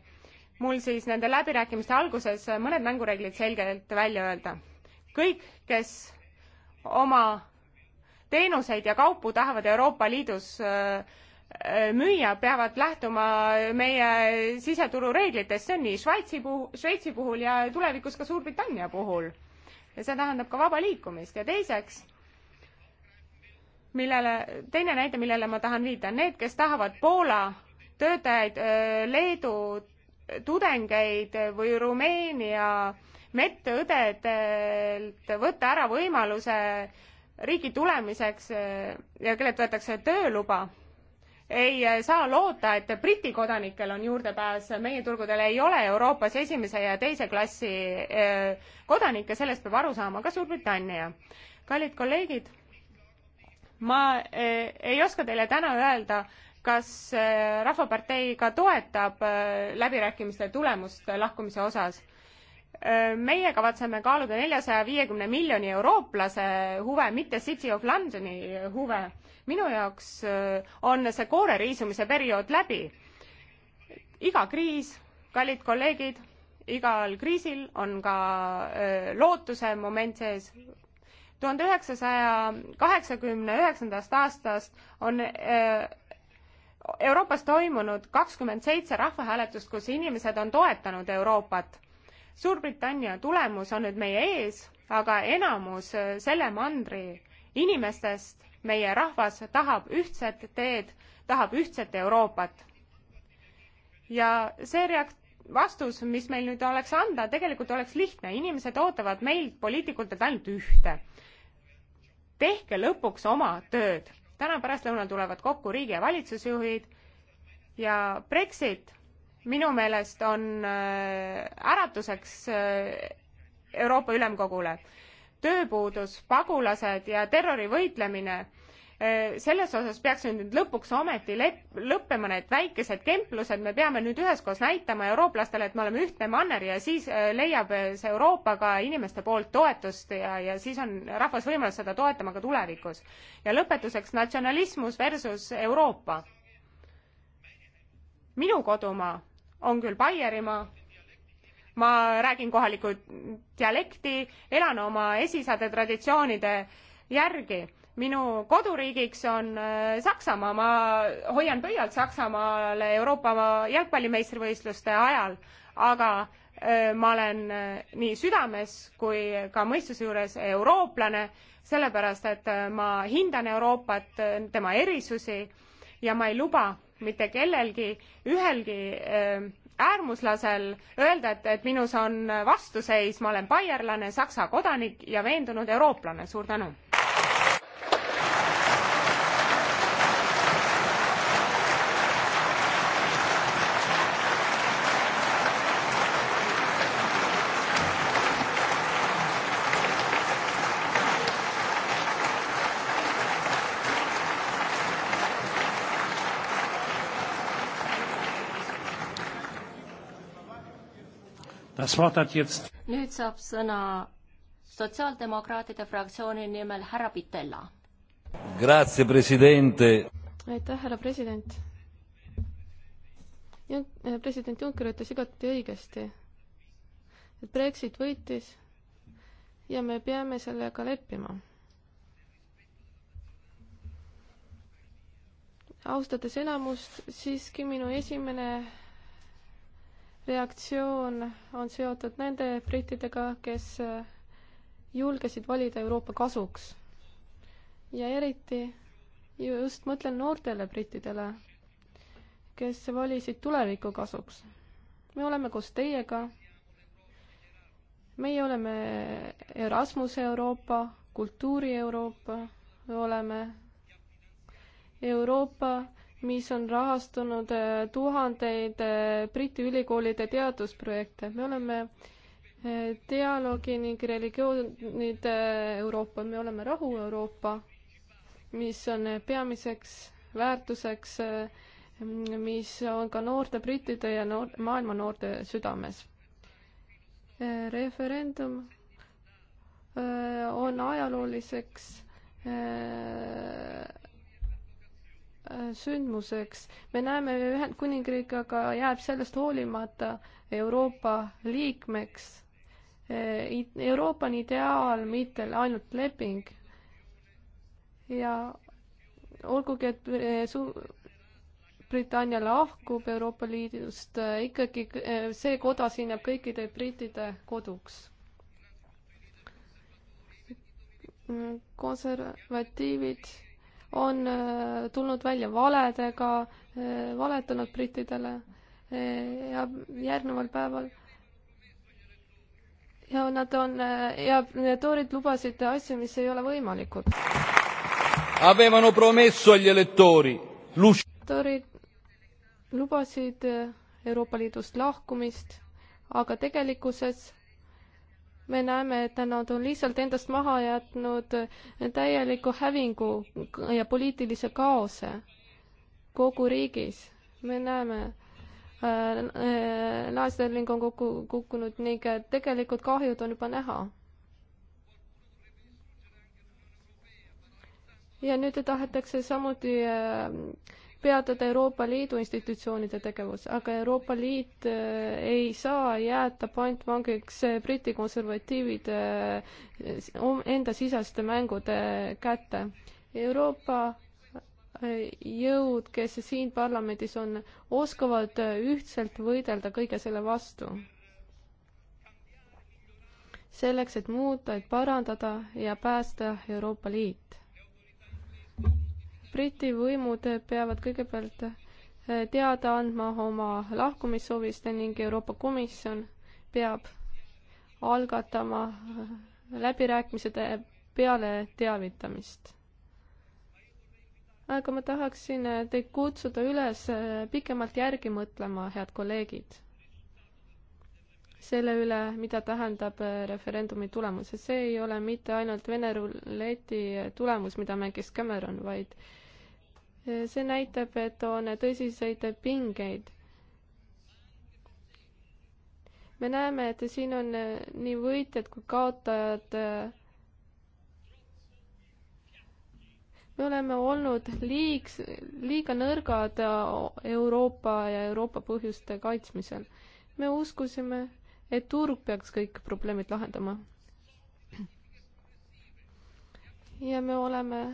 mul siis nende läbirääkimiste alguses mõned mängureeglid selgelt välja öelda kõik, kes oma teenuseid ja kaupu tahavad Euroopa Liidus äh, äh, müüa, peavad lähtuma meie siseturu reeglitest, see on nii Šveitsi puhul, Šveitsi puhul ja tulevikus ka Suurbritannia puhul. ja see tähendab ka vaba liikumist ja teiseks, millele, teine näide, millele ma tahan viida, need, kes tahavad Poola töötajaid, äh, Leedu tudengeid või Rumeenia äh, medõdedelt võtta ära võimaluse riigi tulemiseks eh, ja kellelt võetakse tööluba, ei eh, saa loota, et Briti kodanikel on juurdepääs meie turgudele, ei ole Euroopas esimese ja teise klassi eh, kodanikke, sellest peab aru saama ka Suurbritannia. kallid kolleegid, ma ei oska teile täna öelda, kas Rahvapartei ka toetab läbirääkimiste tulemust lahkumise osas Äh, meie kavatseme kaaluda neljasaja viiekümne miljoni eurooplase huve, mitte City of Londoni huve. minu jaoks äh, on see koore riisumise periood läbi. iga kriis, kallid kolleegid, igal kriisil on ka äh, lootuse moment sees. tuhande üheksasaja kaheksakümne üheksandast aastast on Euroopas toimunud kakskümmend seitse rahvahääletust, kus inimesed on toetanud Euroopat Suurbritannia tulemus on nüüd meie ees, aga enamus äh, selle mandri inimestest, meie rahvas tahab ühtset teed, tahab ühtset Euroopat. ja see reakt-, vastus, mis meil nüüd oleks anda, tegelikult oleks lihtne, inimesed ootavad meilt, poliitikutelt ainult ühte. tehke lõpuks oma tööd. täna pärastlõunal tulevad kokku riigi ja valitsusjuhid ja Brexit minu meelest on äh, äratuseks äh, Euroopa Ülemkogule. tööpuudus, pagulased ja terrori võitlemine, äh, selles osas peaks nüüd lõpuks ometi lõppema need väikesed kemplused, me peame nüüd üheskoos näitama eurooplastele, et me oleme ühtne manner ja siis leiab see Euroopa ka inimeste poolt toetust ja, ja siis on rahvas võimalus seda toetama ka tulevikus. ja lõpetuseks natsionalismus versus Euroopa minu kodumaa on küll Baierimaa, ma räägin kohalikku dialekti, elan oma esiisade traditsioonide järgi. minu koduriigiks on äh, Saksamaa, ma hoian pöialt Saksamaale Euroopa jalgpallimeistrivõistluste ajal, aga äh, ma olen äh, nii südames kui ka mõistuse juures eurooplane, sellepärast et ma hindan Euroopat, tema erisusi ja ma ei luba mitte kellelgi, ühelgi äh, äärmuslasel öelda, et, et minus on vastuseis, ma olen baierlane, Saksa kodanik ja veendunud eurooplane. suur tänu! nüüd saab sõna sotsiaaldemokraatide fraktsiooni nimel härra Pitella. aitäh, härra president. Äh, president Juncker ütles igati õigesti, et Brexit võitis ja me peame sellega leppima. austades enamust, siiski minu esimene reaktsioon on seotud nende brittidega, kes äh, julgesid valida Euroopa kasuks. ja eriti just mõtlen noortele brittidele, kes valisid tuleviku kasuks. me oleme koos teiega meie oleme Erasmuse Euroopa, kultuuri Euroopa, me oleme Euroopa, mis on rahastanud äh, tuhandeid äh, Briti ülikoolide teadusprojekte. me oleme äh, dialoogi ning religioonide Euroopa, me oleme rahu Euroopa, mis on peamiseks väärtuseks, mis on ka noorte brittide ja noor, maailma noorte südames. referendum on ajalooliseks sündmuseks. me näeme, Ühendkuningriik aga jääb sellest hoolimata Euroopa liikmeks. Eh, Euroopa on ideaal, mitte ainult leping. ja olgugi, et eh, su-, Britannia lahkub Euroopa Liidust, eh, ikkagi see koda siin jääb kõikide brittide koduks. Mm, konservatiivid on äh, tulnud välja valedega, äh, valetanud brittidele äh, ja järgneval päeval ja nad on ja toorid lubasid asju, mis ei ole võimalikud. Avevano promesso agli elettori. toorid lubasid Euroopa Liidust lahkumist, aga tegelikkuses me näeme, et nad on lihtsalt endast maha jätnud täieliku hävingu ja poliitilise kaose kogu riigis. me näeme, äh, naisterling on kokku kukkunud ning tegelikult kahjud on juba näha. ja nüüd tahetakse samuti äh, peatada Euroopa Liidu institutsioonide tegevus, aga Euroopa Liit eh, ei saa jääda pantvangiks eh, Briti konservatiivide eh, enda siseste mängude kätte. Euroopa jõud, kes siin parlamendis on, oskavad ühtselt võidelda kõige selle vastu. selleks, et muuta, et parandada ja päästa Euroopa Liit Briti võimud peavad kõigepealt eh, teada andma oma lahkumissoovist ning Euroopa Komisjon peab algatama eh, läbirääkimised eh, peale teavitamist. aga ma tahaksin teid kutsuda üles pikemalt järgi mõtlema, head kolleegid, selle üle, mida tähendab referendumi tulemus ja see ei ole mitte ainult Vene ruleti tulemus, mida mängis Cameron, vaid äh, see näitab, et on tõsiseid pingeid. me näeme, et siin on nii võitjad kui kaotajad. me oleme olnud liigs, liiga nõrgad Euroopa ja Euroopa põhjuste kaitsmisel. me uskusime, et turg peaks kõik probleemid lahendama. ja me oleme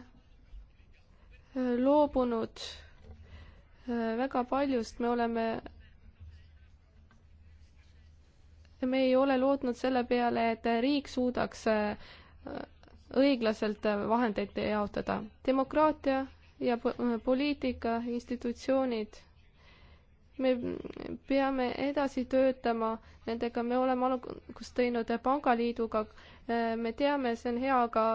loobunud äh, väga paljust, me oleme, me ei ole lootnud selle peale, et riik suudaks äh, õiglaselt vahendeid jaotada. demokraatia ja poliitika, institutsioonid, me peame edasi töötama nendega, me oleme algust teinud pangaliiduga, äh, me teame, see on hea, aga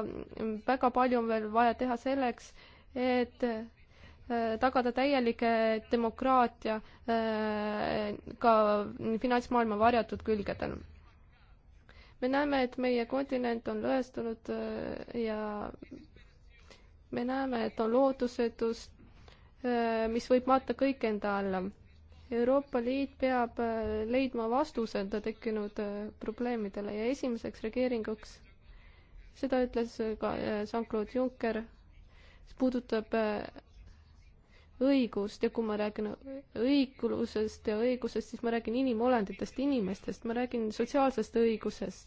väga palju on veel vaja teha selleks, et äh, tagada täielik äh, demokraatia äh, ka finantsmaailma varjatud külgedel. me näeme, et meie kontinent on lõhestunud ja me näeme, et on lootusetus, mis võib matta kõik enda alla. Euroopa Liit peab leidma vastused tekkinud probleemidele ja esimeseks reageeringuks, seda ütles ka Jean-Claude Juncker mis puudutab äh, õigust ja kui ma räägin õiglusest ja õigusest, siis ma räägin inimolenditest, inimestest, ma räägin sotsiaalsest õigusest.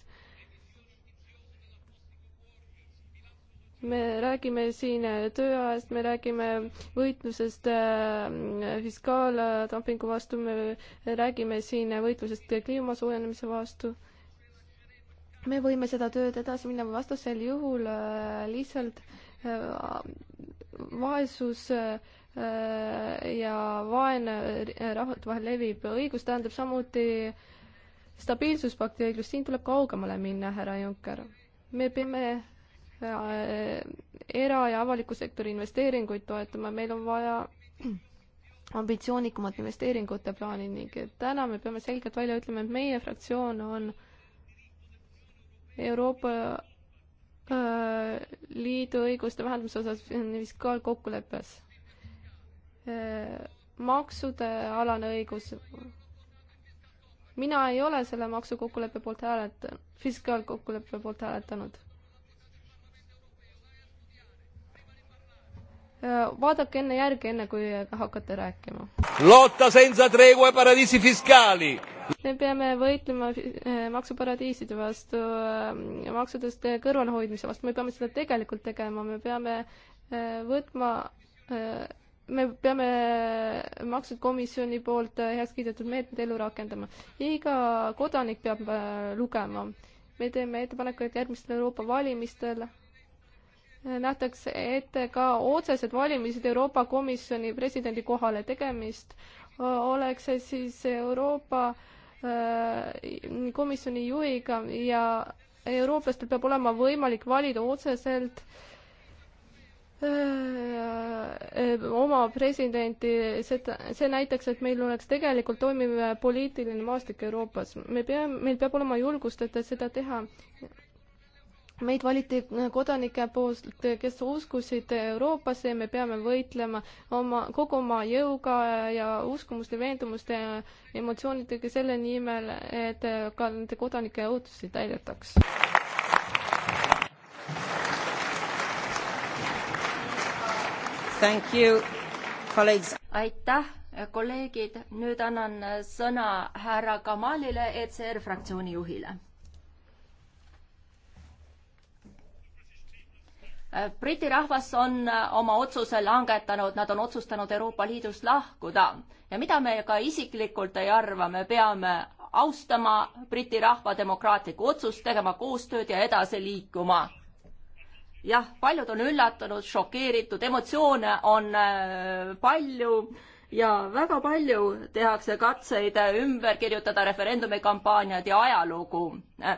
me räägime siin äh, tööajast, me räägime võitlusest äh, fiskaaldumpingu vastu, me räägime siin võitlusest kliima soojenemise vastu me võime seda tööd edasi minna, vastasel juhul lihtsalt äh, Äh, vaesus äh, ja vaene äh, rahvate vahel levib õigus, tähendab samuti stabiilsuspakti õiglus, siin tuleb kaugemale minna, härra Juncker. me peame era- ja avaliku sektori investeeringuid toetama, meil on vaja ambitsioonikamat investeeringute plaani ning täna me peame selgelt välja ütlema, et meie fraktsioon on Euroopa Liidu õiguste vähendamise osas fiskaalkokkuleppes. Äh, maksude alane õigus. mina ei ole selle maksukokkuleppe poolt hääletanud, fiskaalkokkuleppe poolt hääletanud. vaadake enne järgi, enne kui hakkate rääkima. Lotta senza tregua e paradisi fiscali. me peame võitlema eh, maksuparadiiside vastu, eh, maksudest eh, kõrvalhoidmise vastu, me peame seda tegelikult tegema, me peame võtma, me peame maksud komisjoni poolt heaks kiidetud meetmed ellu rakendama. iga kodanik peab lugema. me teeme ettepaneku, et järgmistel Euroopa valimistel nähtakse ette ka otsesed valimised Euroopa Komisjoni presidendi kohale. tegemist oleks siis Euroopa Komisjoni juhiga ja eurooplastel peab olema võimalik valida otseselt oma presidenti, seda, see näitaks, et meil oleks tegelikult toimiv poliitiline maastik Euroopas. me peame, meil peab olema julgust, et seda teha meid valiti äh, kodanike poolt, kes uskusid Euroopasse ja me peame võitlema oma, kogu oma jõuga ja uskumuste, veendumuste ja emotsioonidega selle nimel, et äh, ka nende kodanike ootusi täidetaks. aitäh, kolleegid, nüüd annan sõna härra Kamalile, ECR fraktsiooni juhile Briti rahvas on äh, oma otsuse langetanud, nad on otsustanud Euroopa Liidust lahkuda ja mida me ka isiklikult ei arva, me peame austama Briti rahva demokraatlikku otsust, tegema koostööd ja edasi liikuma. jah, paljud on üllatunud, šokeeritud, emotsioone on äh, palju ja väga palju tehakse katseid ümber kirjutada referendumi kampaaniad ja ajalugu äh,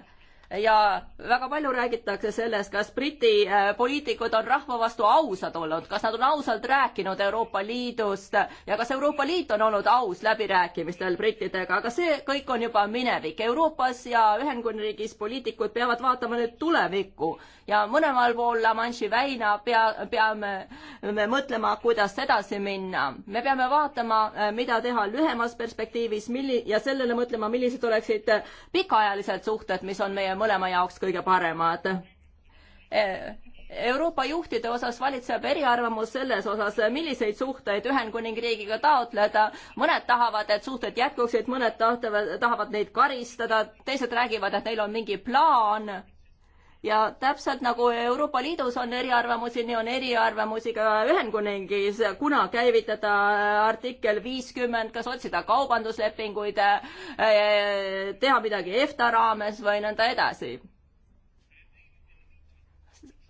ja väga palju räägitakse sellest, kas Briti äh, poliitikud on rahva vastu ausad olnud, kas nad on ausalt rääkinud Euroopa Liidust ja kas Euroopa Liit on olnud aus läbirääkimistel brittidega, aga see kõik on juba minevik. Euroopas ja Ühendkuningriigis poliitikud peavad vaatama nüüd tulevikku ja mõlemal pool La Manche'i väina pea, peame me mõtlema, kuidas edasi minna. me peame vaatama, äh, mida teha lühemas perspektiivis, milli- ja sellele mõtlema, millised oleksid pikaajalised suhted, mis on meie mõlema jaoks kõige paremad. E, Euroopa juhtide osas valitseb eriarvamus selles osas, milliseid suhteid Ühendkuningriigiga taotleda. mõned tahavad, et suhted jätkuksid, mõned tahtavad, tahavad neid karistada, teised räägivad, et neil on mingi plaan ja täpselt nagu Euroopa Liidus on eriarvamusi, nii on eriarvamusi ka Ühendkuningis, kuna käivitada artikkel viiskümmend, kas otsida kaubanduslepinguid, eh, teha midagi EFTA raames või nõnda edasi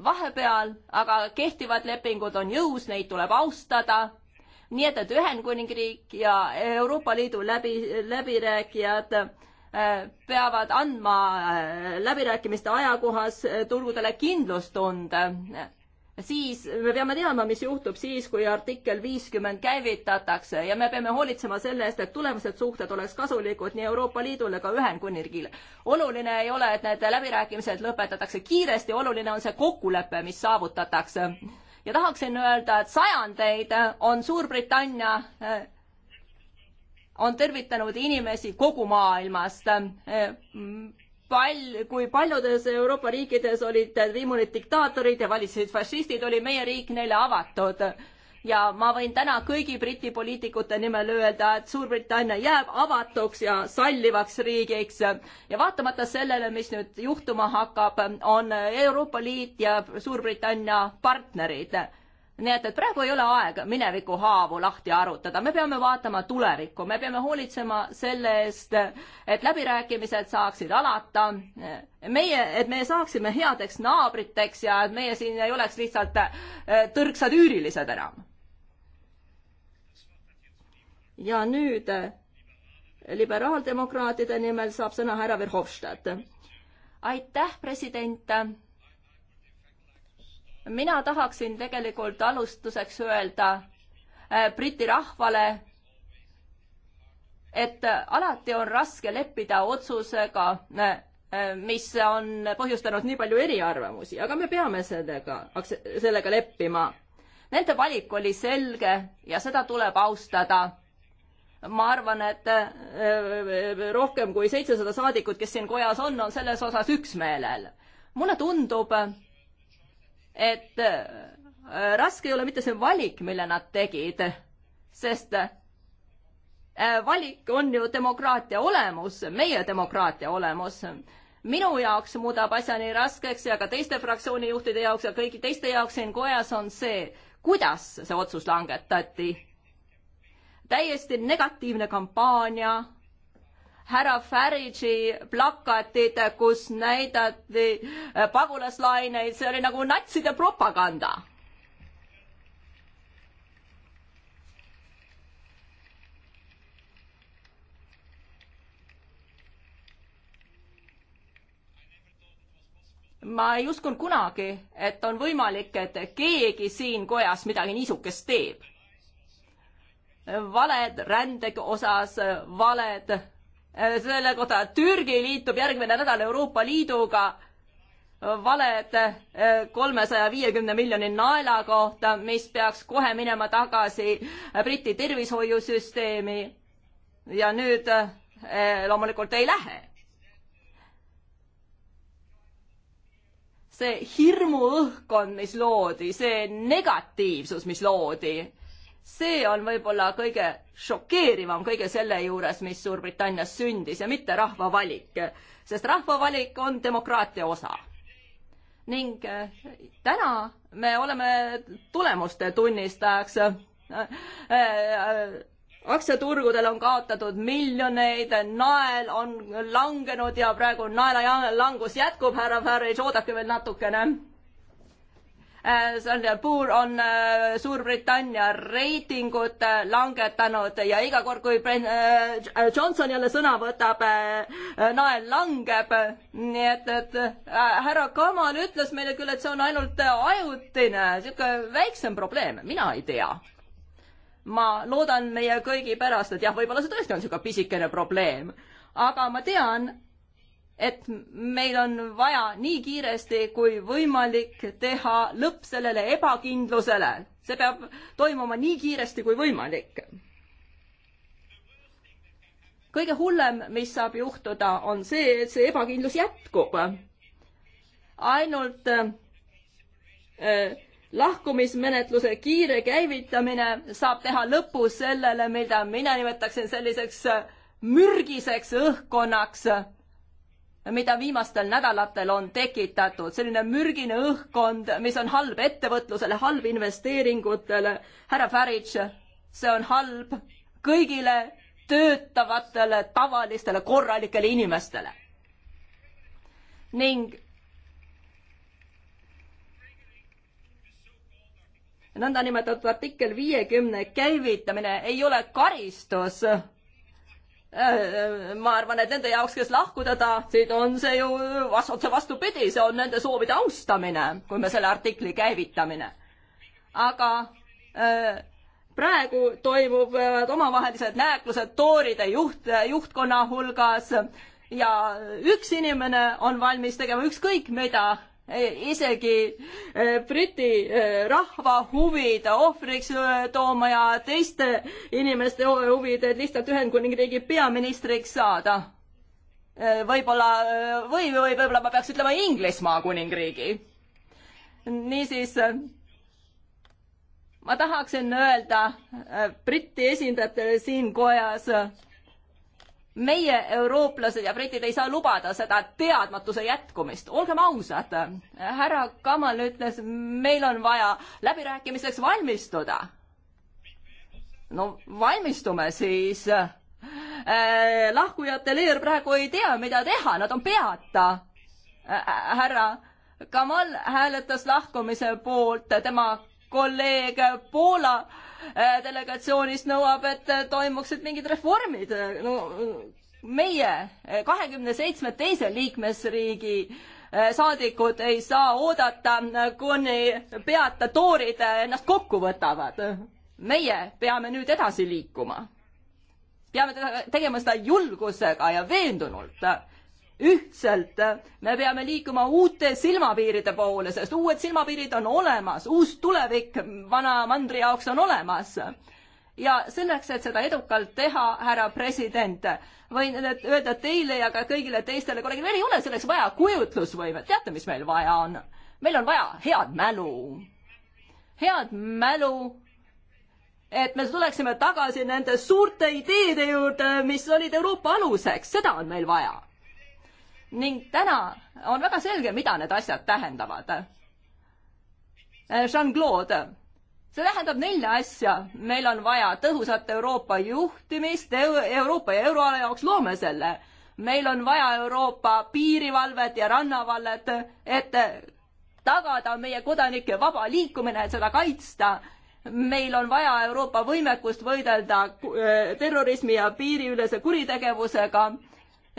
vahepeal aga kehtivad lepingud on jõus, neid tuleb austada. nii et, et Ühendkuningriik ja Euroopa Liidu läbi, läbirääkijad äh, peavad andma äh, läbirääkimiste ajakohas äh, turgudele kindlustunde. siis me peame teadma, mis juhtub siis, kui artikkel viiskümmend käivitatakse ja me peame hoolitsema selle eest, et tulevased suhted oleks kasulikud nii Euroopa Liidule kui Ühendkuningriigile. oluline ei ole, et need läbirääkimised lõpetatakse kiiresti, oluline on see kokkulepe, mis saavutatakse ja tahaksin öelda, et sajandeid on Suurbritannia äh, on tervitanud inimesi kogu maailmast. Pal-, kui paljudes Euroopa riikides olid võimulid diktaatorid ja valitsesid fašistid, oli meie riik neile avatud. ja ma võin täna kõigi Briti poliitikute nimel öelda, et Suurbritannia jääb avatuks ja sallivaks riigiks. ja vaatamata sellele, mis nüüd juhtuma hakkab, on Euroopa Liit ja Suurbritannia partnerid nii et, et praegu ei ole aeg mineviku haavu lahti arutada, me peame vaatama tulevikku, me peame hoolitsema selle eest, et läbirääkimised saaksid alata. meie, et me saaksime headeks naabriteks ja et meie siin ei oleks lihtsalt eh, tõrksad üürilised enam. ja nüüd eh, liberaaldemokraatide nimel saab sõna härra Verhofstadt. aitäh, president mina tahaksin tegelikult alustuseks öelda äh, Briti rahvale, et äh, alati on raske leppida otsusega, äh, mis on põhjustanud nii palju eriarvamusi, aga me peame sellega, sellega leppima. Nende valik oli selge ja seda tuleb austada. ma arvan, et rohkem kui seitsesada saadikut, kes siin kojas on, on selles osas üksmeelel. mulle tundub, et äh, raske ei ole mitte see valik, mille nad tegid, sest äh, valik on ju demokraatia olemus, meie demokraatia olemus. minu jaoks muudab asja nii raskeks ja ka teiste fraktsiooni juhtide jaoks ja kõigi teiste jaoks siin kojas on see, kuidas see otsus langetati. täiesti negatiivne kampaania härra Farage'i plakatid, kus näidati äh, pagulaslaineid, see oli nagu natside propaganda ma ei uskunud kunagi, et on võimalik, et keegi siin kojas midagi niisugust teeb. valed rändega osas, valed Äh, selle kohta, et Türgi liitub järgmine nädal Euroopa Liiduga, valed äh, kolmesaja viiekümne miljoni naela kohta, mis peaks kohe minema tagasi äh, Briti tervishoiusüsteemi ja nüüd loomulikult ei lähe. see hirmuõhkkond, mis loodi, see negatiivsus, mis loodi see on võib-olla kõige šokeerivam kõige selle juures, mis Suurbritannias sündis ja mitte rahva valik, sest rahva valik on demokraatia osa. ning eh, täna me oleme tulemuste tunnistajaks eh, eh, aktsiaturgudel on kaotatud miljoneid, nael on langenud ja praegu naelalangus jätkub, härra Farage, oodake veel natukene Äh, Sandra Poor on äh, Suurbritannia reitingut äh, langetanud ja iga kord, kui Johnson jälle sõna võtab, nael langeb. nii et, et härra Kamal ütles meile küll, et see on ainult ajutine, niisugune väiksem probleem, mina ei tea ma loodan meie kõigi pärast, et jah, võib-olla see tõesti on niisugune pisikene probleem, aga ma tean, et meil on vaja nii kiiresti kui võimalik teha lõpp sellele ebakindlusele. see peab toimuma nii kiiresti kui võimalik. kõige hullem, mis saab juhtuda, on see, et see ebakindlus jätkub. ainult äh, lahkumismenetluse kiire käivitamine saab teha lõpu sellele, mida mina nimetaksin selliseks äh, mürgiseks õhkkonnaks mida viimastel nädalatel on tekitatud, selline mürgine õhkkond, mis on halb ettevõtlusele, halb investeeringutele. härra Farage, see on halb kõigile töötavatele, tavalistele, korralikele inimestele. ning nõndanimetatud artikkel viiekümne käivitamine ei ole karistus Äh, ma arvan, et nende jaoks, kes lahkuda tahtsid, on see ju otse vastupidi, see on nende soovide austamine, kui me selle artikli käivitamine. aga äh, praegu toimuvad omavahelised nääklused tooride juht, juhtkonna hulgas ja üks inimene on valmis tegema ükskõik mida isegi äh, Briti äh, rahva huvid ohvriks äh, tooma ja teiste inimeste huvid, et lihtsalt Ühendkuningriigi peaministriks saada. võib-olla, või, või võib-olla ma peaks ütlema Inglismaa kuningriigi. niisiis, ma tahaksin öelda Briti esindajatele siin kojas meie, eurooplased ja britid ei saa lubada seda teadmatuse jätkumist. olgem ausad, härra Kamal ütles, meil on vaja läbirääkimiseks valmistuda. no valmistume siis äh,. lahkujate leer praegu ei tea, mida teha, nad on peata äh,. äh härra Kamal hääletas lahkumise poolt, tema kolleeg Poola äh, Äh, delegatsioonist nõuab, et äh, toimuksid mingid reformid. no meie äh, kahekümne seitsme teise liikmesriigi saadikud ei saa oodata, kuni peata toorid ennast kokku võtavad. meie peame nüüd edasi liikuma. peame tegema seda julgusega ja veendunult ühtselt, me peame liikuma uute silmapiiride poole, sest uued silmapiirid on olemas, uus tulevik vana mandri jaoks on olemas. ja selleks, et seda edukalt teha, härra president, võin öelda teile ja ka kõigile teistele kolleegidele, meil ei ole selleks vaja kujutlusvõimet, teate, mis meil vaja on? meil on vaja head mälu. head mälu et me tuleksime tagasi nende suurte ideede juurde, mis olid Euroopa aluseks, seda on meil vaja ning täna on väga selge, mida need asjad tähendavad. Jean-Claude, see tähendab nelja asja, meil on vaja tõhusat Euroopa juhtimist Euroopa ja euroala jaoks, loome selle. meil on vaja Euroopa piirivalvet ja rannavalvet, et tagada meie kodanike vaba liikumine, et seda kaitsta meil on vaja Euroopa võimekust võidelda eh, terrorismi ja piiriülese kuritegevusega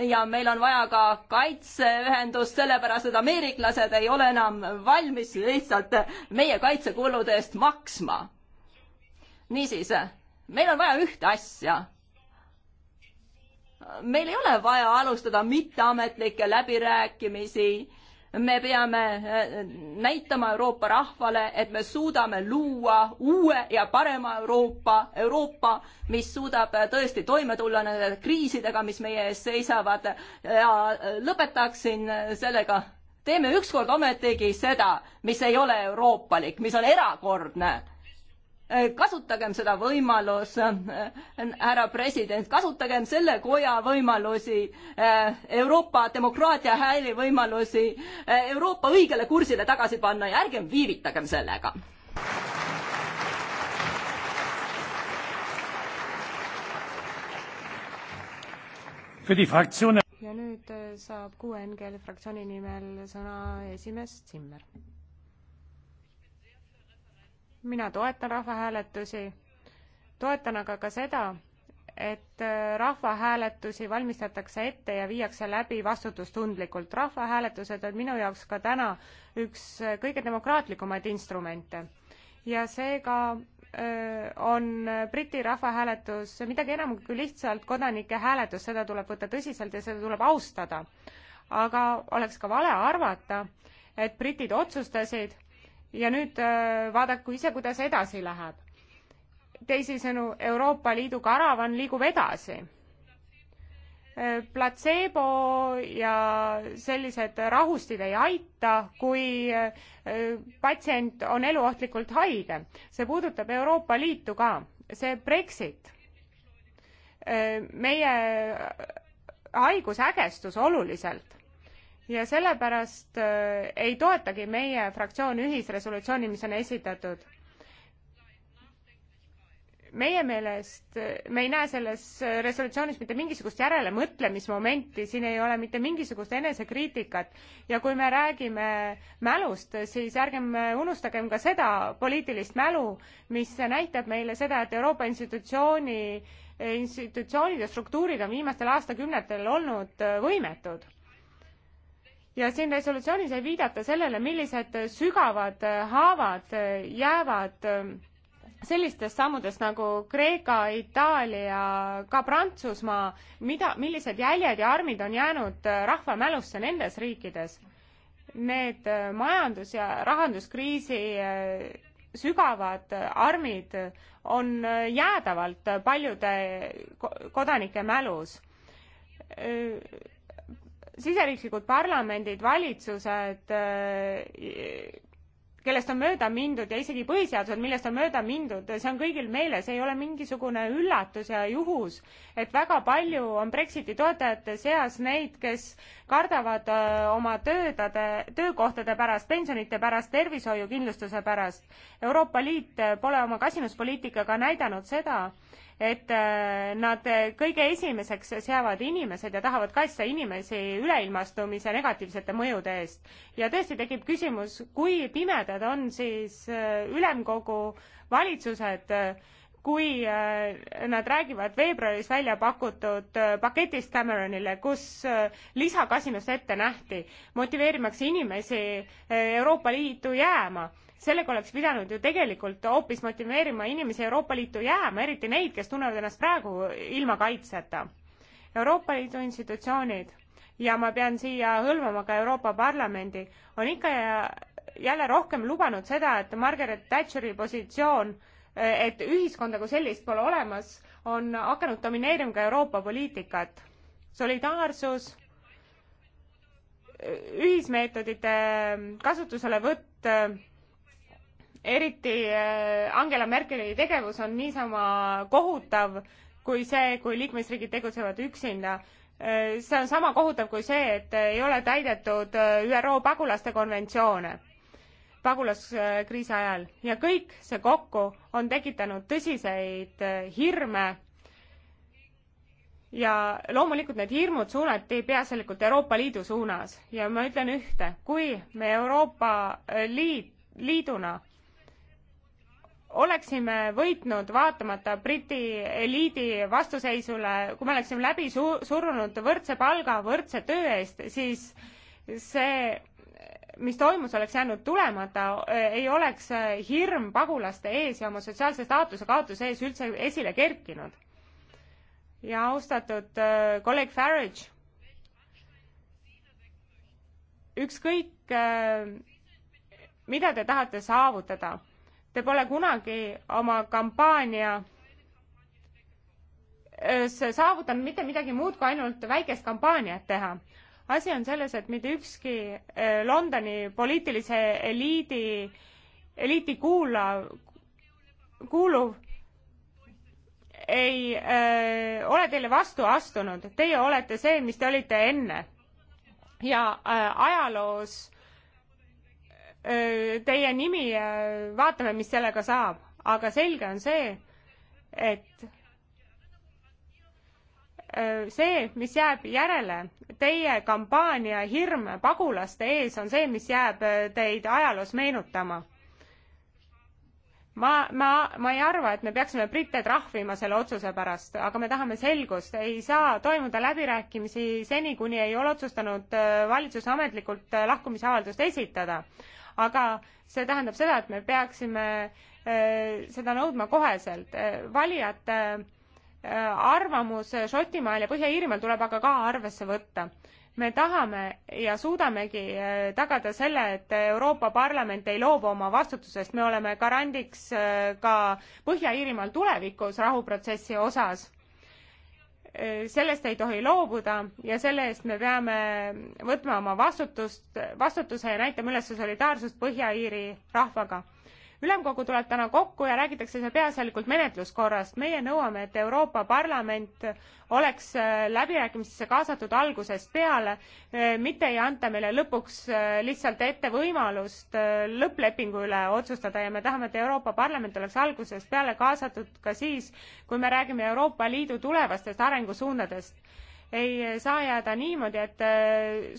ja meil on vaja ka kaitseühendust, sellepärast et ameeriklased ei ole enam valmis lihtsalt meie kaitsekulude eest maksma. niisiis, meil on vaja ühte asja. meil ei ole vaja alustada mitteametlikke läbirääkimisi me peame äh, näitama Euroopa rahvale, et me suudame luua uue ja parema Euroopa, Euroopa, mis suudab äh, tõesti toime tulla nende kriisidega, mis meie ees seisavad ja äh, lõpetaksin sellega, teeme ükskord ometigi seda, mis ei ole euroopalik, mis on erakordne Äh, kasutagem seda võimalus, äh, härra president, kasutagem selle koja võimalusi, äh, Euroopa demokraatia hääli võimalusi Euroopa õigele kursile tagasi panna ja ärgem viivitagem sellega. ja nüüd saab QNGL fraktsiooni nimel sõna esimees Zimmer mina toetan rahvahääletusi, toetan aga ka seda, et äh, rahvahääletusi valmistatakse ette ja viiakse läbi vastutustundlikult. rahvahääletused on minu jaoks ka täna üks äh, kõige demokraatlikumaid instrumente ja seega äh, on Briti rahvahääletus midagi enam kui lihtsalt kodanike hääletus, seda tuleb võtta tõsiselt ja seda tuleb austada. aga oleks ka vale arvata, et britid otsustasid, ja nüüd äh, vaadaku ise, kuidas edasi läheb. teisisõnu, Euroopa Liidu karavan liigub edasi. Äh, platseebo ja sellised rahustid ei aita, kui äh, patsient on eluohtlikult haige. see puudutab Euroopa Liitu ka. see Brexit, meie haigus ägestus oluliselt ja sellepärast äh, ei toetagi meie fraktsioon ühisresolutsiooni, mis on esitatud. meie meelest, äh, me ei näe selles äh, resolutsioonis mitte mingisugust järelemõtlemismomenti, siin ei ole mitte mingisugust enesekriitikat ja kui me räägime mälust, siis ärgem unustagem ka seda poliitilist mälu, mis näitab meile seda, et Euroopa institutsiooni, institutsioonid ja struktuurid on viimastel aastakümnetel olnud äh, võimetud ja siin resolutsioonis ei viidata sellele, millised sügavad haavad jäävad ähm, sellistest sammudest nagu Kreeka, Itaalia, ka Prantsusmaa, mida, millised jäljed ja armid on jäänud äh, rahva mälusse nendes riikides. Need äh, majandus- ja rahanduskriisi äh, sügavad armid on jäädavalt paljude kodanike mälus siseriiklikud parlamendid, valitsused äh, kellest on mööda mindud ja isegi põhiseadused, millest on mööda mindud, see on kõigil meeles, ei ole mingisugune üllatus ja juhus, et väga palju on Brexiti toetajate seas neid, kes kardavad äh, oma töötade, töökohtade pärast, pensionite pärast, tervishoiukindlustuse pärast. Euroopa Liit äh, pole oma kasinuspoliitikaga näidanud seda, et äh, nad kõige esimeseks seavad inimesed ja tahavad kaitsta inimesi üleilmastumise negatiivsete mõjude eest. ja tõesti tekib küsimus, kui pimedad otsustajad on siis äh, ülemkogu valitsused, äh, kui äh, nad räägivad veebruaris välja pakutud paketist Cameronile, kus lisakasinust ette nähti, motiveerimaks inimesi Euroopa Liitu jääma sellega oleks pidanud ju tegelikult hoopis motiveerima inimesi Euroopa Liitu jääma, eriti neid, kes tunnevad ennast praegu ilma kaitseta. Euroopa Liidu institutsioonid ja ma pean siia hõlmama ka Euroopa Parlamendi, on ikka ja jälle rohkem lubanud seda, et Margaret Thatcheri positsioon, et ühiskonda kui sellist pole olemas, on hakanud domineerima ka Euroopa poliitikat. solidaarsus, ühismeetodite kasutuselevõtt, eriti äh, Angela Merkeli tegevus on niisama kohutav kui see, kui liikmesriigid tegutsevad üksinda äh, see on sama kohutav kui see, et ei ole täidetud äh, ÜRO pagulaste konventsioone pagulaskriisi ajal ja kõik see kokku on tekitanud tõsiseid äh, hirme ja loomulikult need hirmud suunati peaasjalikult Euroopa Liidu suunas ja ma ütlen ühte, kui me Euroopa äh, Liit, liiduna oleksime võitnud vaatamata Briti eliidi vastuseisule, kui me oleksime läbi su-, surunud võrdse palga võrdse töö eest, siis see mis toimus, oleks jäänud tulemata, eh, ei oleks eh, hirm pagulaste ees ja oma sotsiaalse staatuse kaotuse ees üldse esile kerkinud. ja austatud eh, kolleeg Farage, ükskõik mida te tahate saavutada, te pole kunagi oma kampaania saavutanud mitte midagi muud kui ainult väikest kampaaniat teha asi on selles, et mitte ükski äh, Londoni poliitilise eliidi, eliiti kuula, kuuluv ei öö, äh, ole teile vastu astunud, teie olete see, mis te olite enne. ja öö, äh, ajaloos öö, teie nimi, vaatame, mis sellega saab, aga selge on see, et Äh, see, mis jääb järele, teie kampaania hirm pagulaste ees on see, mis jääb äh, teid ajaloos meenutama. ma, ma, ma ei arva, et me peaksime britte trahvima selle otsuse pärast, aga me tahame selgust, ei saa toimuda läbirääkimisi seni, kuni ei ole otsustanud äh, valitsus ametlikult lahkumisavaldust esitada. aga see tähendab seda, et me peaksime seda nõudma koheselt, valijate Äh, arvamus äh, Šotimaal ja Põhja-Iirimaal tuleb aga ka arvesse võtta. me tahame ja suudamegi äh, tagada selle, et Euroopa Parlament ei loobu oma vastutusest, me oleme garandiks ka Põhja-Iirimaal tulevikus rahuprotsessi osas. sellest ei tohi loobuda ja selle eest me peame võtma oma vastutust, vastutuse ja näitama üles solidaarsust Põhja-Iiri rahvaga ülemkogu tuleb täna kokku ja räägitakse seal peaasjalikult menetluskorrast. meie nõuame, et Euroopa Parlament oleks äh, läbirääkimistesse kaasatud algusest peale, äh, mitte ei anta meile lõpuks äh, lihtsalt ette võimalust lõpplepingu üle otsustada ja me tahame, et Euroopa Parlament oleks algusest peale kaasatud ka siis, kui me räägime Euroopa Liidu tulevastest arengusuundadest ei saa jääda niimoodi, et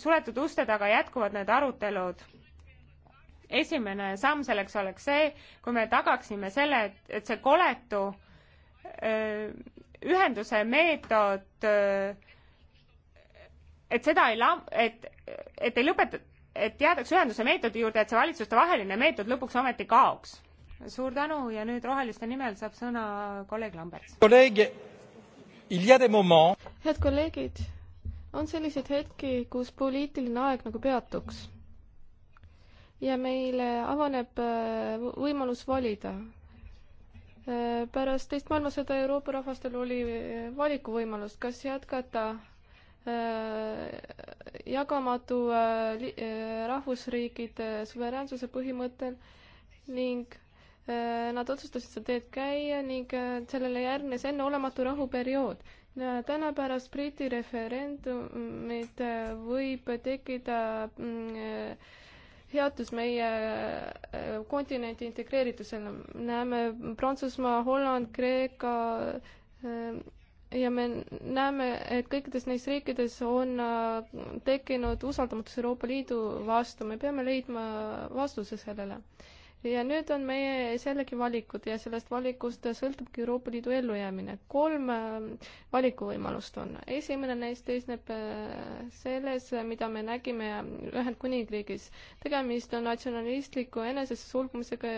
suletud uste taga jätkuvad need arutelud esimene samm selleks oleks see, kui me tagaksime selle, et, et see koletu öö, ühenduse meetod, et seda ei la-, et, et ei lõpeta-, et jäädaks ühenduse meetodi juurde, et see valitsustevaheline meetod lõpuks ometi kaoks. suur tänu ja nüüd Roheliste nimel saab sõna kolleeg Lambert. head kolleegid, on selliseid hetki, kus poliitiline aeg nagu peatuks ja meile avaneb äh, võimalus valida. Äh, pärast teist maailmasõda Euroopa rahvastel oli äh, valikuvõimalus, kas jätkata jagamatu rahvusriikide suveräänsuse põhimõttel ning nad otsustasid seda teed käia ning sellele järgnes enneolematu rahuperiood. täna pärast Briti referendumit võib tekkida mm, heatus meie äh, kontinendi integreeritusele. näeme Prantsusmaa, Holland, Kreeka äh, ja me näeme, et kõikides neis riikides on äh, tekkinud usaldamatus Euroopa Liidu vastu, me peame leidma vastuse sellele ja nüüd on meie sellegi valikud ja sellest valikust sõltubki Euroopa Liidu ellujäämine. kolm äh, valikuvõimalust on. esimene neist seisneb äh, selles, mida me nägime Ühendkuningriigis. tegemist on natsionalistliku enesesse sulgumisega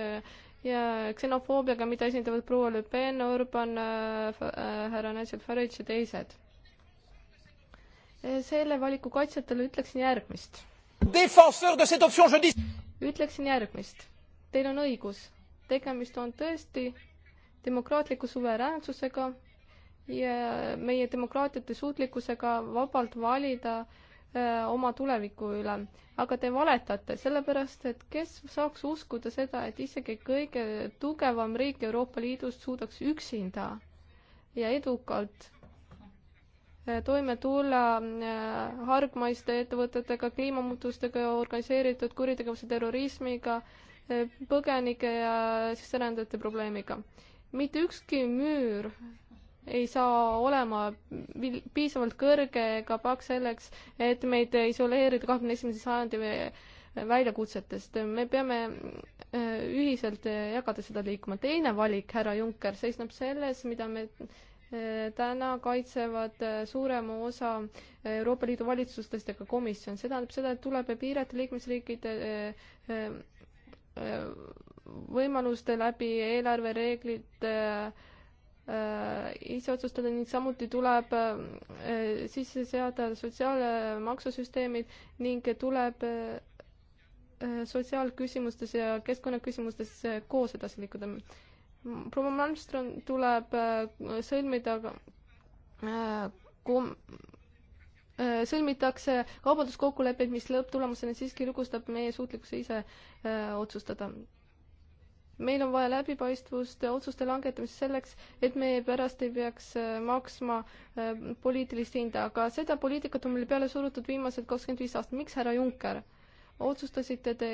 ja ksenofoobiaga, mida esindavad proua Le Pen, Orban, äh, härra Nigel Farage ja teised. selle valiku kaitsjatele ütleksin järgmist. ütleksin järgmist Teil on õigus, tegemist on tõesti demokraatliku suveräänsusega ja meie demokraatiate suutlikkusega vabalt valida äh, oma tuleviku üle. aga te valetate, sellepärast et kes saaks uskuda seda, et isegi kõige tugevam riik Euroopa Liidust suudaks üksinda ja edukalt äh, toime tulla äh, hargmaiste ettevõtetega, kliimamuutustega, organiseeritud kuritegevuse, terrorismiga äh,, põgenike ja sisserändajate probleemiga. mitte ükski müür ei saa olema piisavalt kõrge ega paks selleks, et meid isoleerida kahekümne esimese sajandi väljakutsetest. me peame äh, ühiselt jagada seda liikuma. teine valik, härra Juncker, seisneb selles, mida me äh, täna kaitsevad äh, suurema osa Euroopa Liidu valitsustest ega komisjon. see tähendab seda, et tuleb piirata liikmesriikide võimaluste läbi eelarvereeglite äh, äh, ise otsustada ning samuti tuleb äh, sisse seada sotsiaalmaksusüsteemid ning tuleb sotsiaalküsimustes ja keskkonnaküsimustes koos edasi liikuda. proua Malmström tuleb sõlmida kom-, sõlmitakse kaubanduskokkuleppeid, mis lõpptulemusena siiski lugustab meie suutlikkuse ise otsustada. meil on vaja läbipaistvust otsuste langetamises selleks, et me pärast ei peaks maksma poliitilist hinda, aga seda poliitikat on meil peale surutud viimased kakskümmend viis aastat. miks, härra Juncker? otsustasite te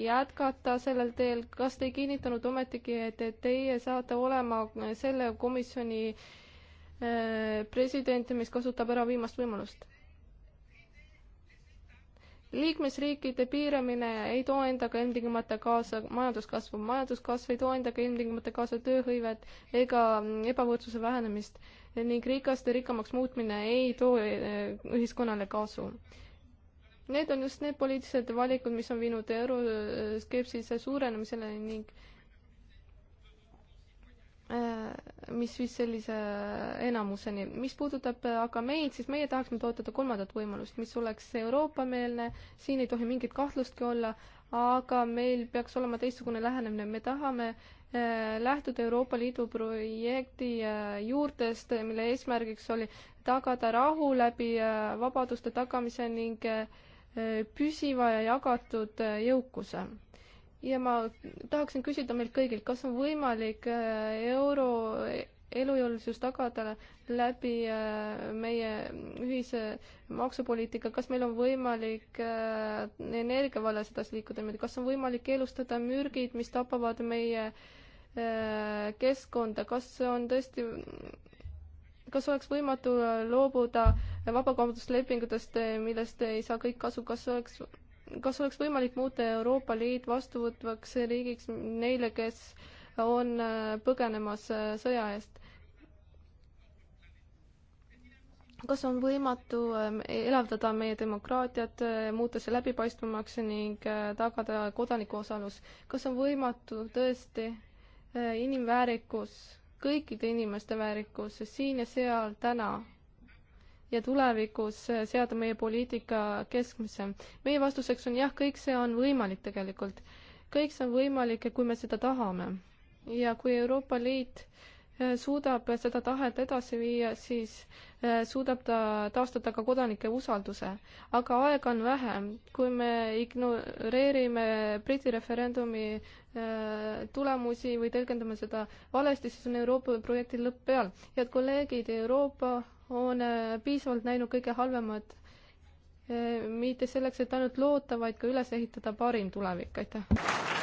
jätkata sellel teel, kas te ei kinnitanud ometigi, et teie saate olema selle komisjoni äh, Äh, president, mis kasutab ära viimast võimalust. liikmesriikide piiramine ei too endaga ilmtingimata kaasa majanduskasvu, majanduskasv ei too endaga ilmtingimata kaasa tööhõivet ega ebavõrdsuse vähenemist ning rikaste rikkamaks muutmine ei too äh, ühiskonnale kasu Need on just need poliitilised valikud, mis on viinud euroskepsise suurenemisele ning Äh, mis viis sellise enamuseni. mis puudutab äh, aga meid, siis meie tahaksime toetada kolmandat võimalust, mis oleks Euroopa-meelne, siin ei tohi mingit kahtlustki olla, aga meil peaks olema teistsugune lähenemine, me tahame äh, lähtuda Euroopa Liidu projekti juurtest, mille eesmärgiks oli tagada rahu läbi vabaduste tagamise ning püsiva ja jagatud jõukuse ja ma tahaksin küsida meilt kõigilt, kas on võimalik äh, euro elujõulisus tagada läbi äh, meie ühise maksupoliitika, kas meil on võimalik äh, energia vallas edasi liikuda, kas on võimalik keelustada mürgid, mis tapavad meie keskkonda, kas on tõesti kas oleks võimatu loobuda vabakaubanduslepingutest, millest ei saa kõik kasu, kas oleks kas oleks võimalik muuta Euroopa Liit vastuvõtvaks riigiks neile, kes on äh, põgenemas äh, sõja eest? kas on võimatu ähm, e-, elavdada meie demokraatiat, äh, muuta see läbipaistvamaks ning tagada kodaniku osalus? kas on võimatu tõesti inimväärikus, kõikide inimeste väärikus siin ja seal täna ja tulevikus seada meie poliitika keskmisse. meie vastuseks on jah, kõik see on võimalik tegelikult. kõik see on võimalik, kui me seda tahame. ja kui Euroopa Liit äh, Äh, suudab seda tahet edasi viia, siis äh, suudab ta taastada ka kodanike usalduse. aga aega on vähe, kui me ignoreerime Briti referendumi äh, tulemusi või tõlgendame seda valesti, siis on Euroopa projekti lõpp peal. head kolleegid, Euroopa on piisavalt näinud kõige halvemat mitte selleks, et ainult loota, vaid ka üles ehitada parim tulevik, aitäh!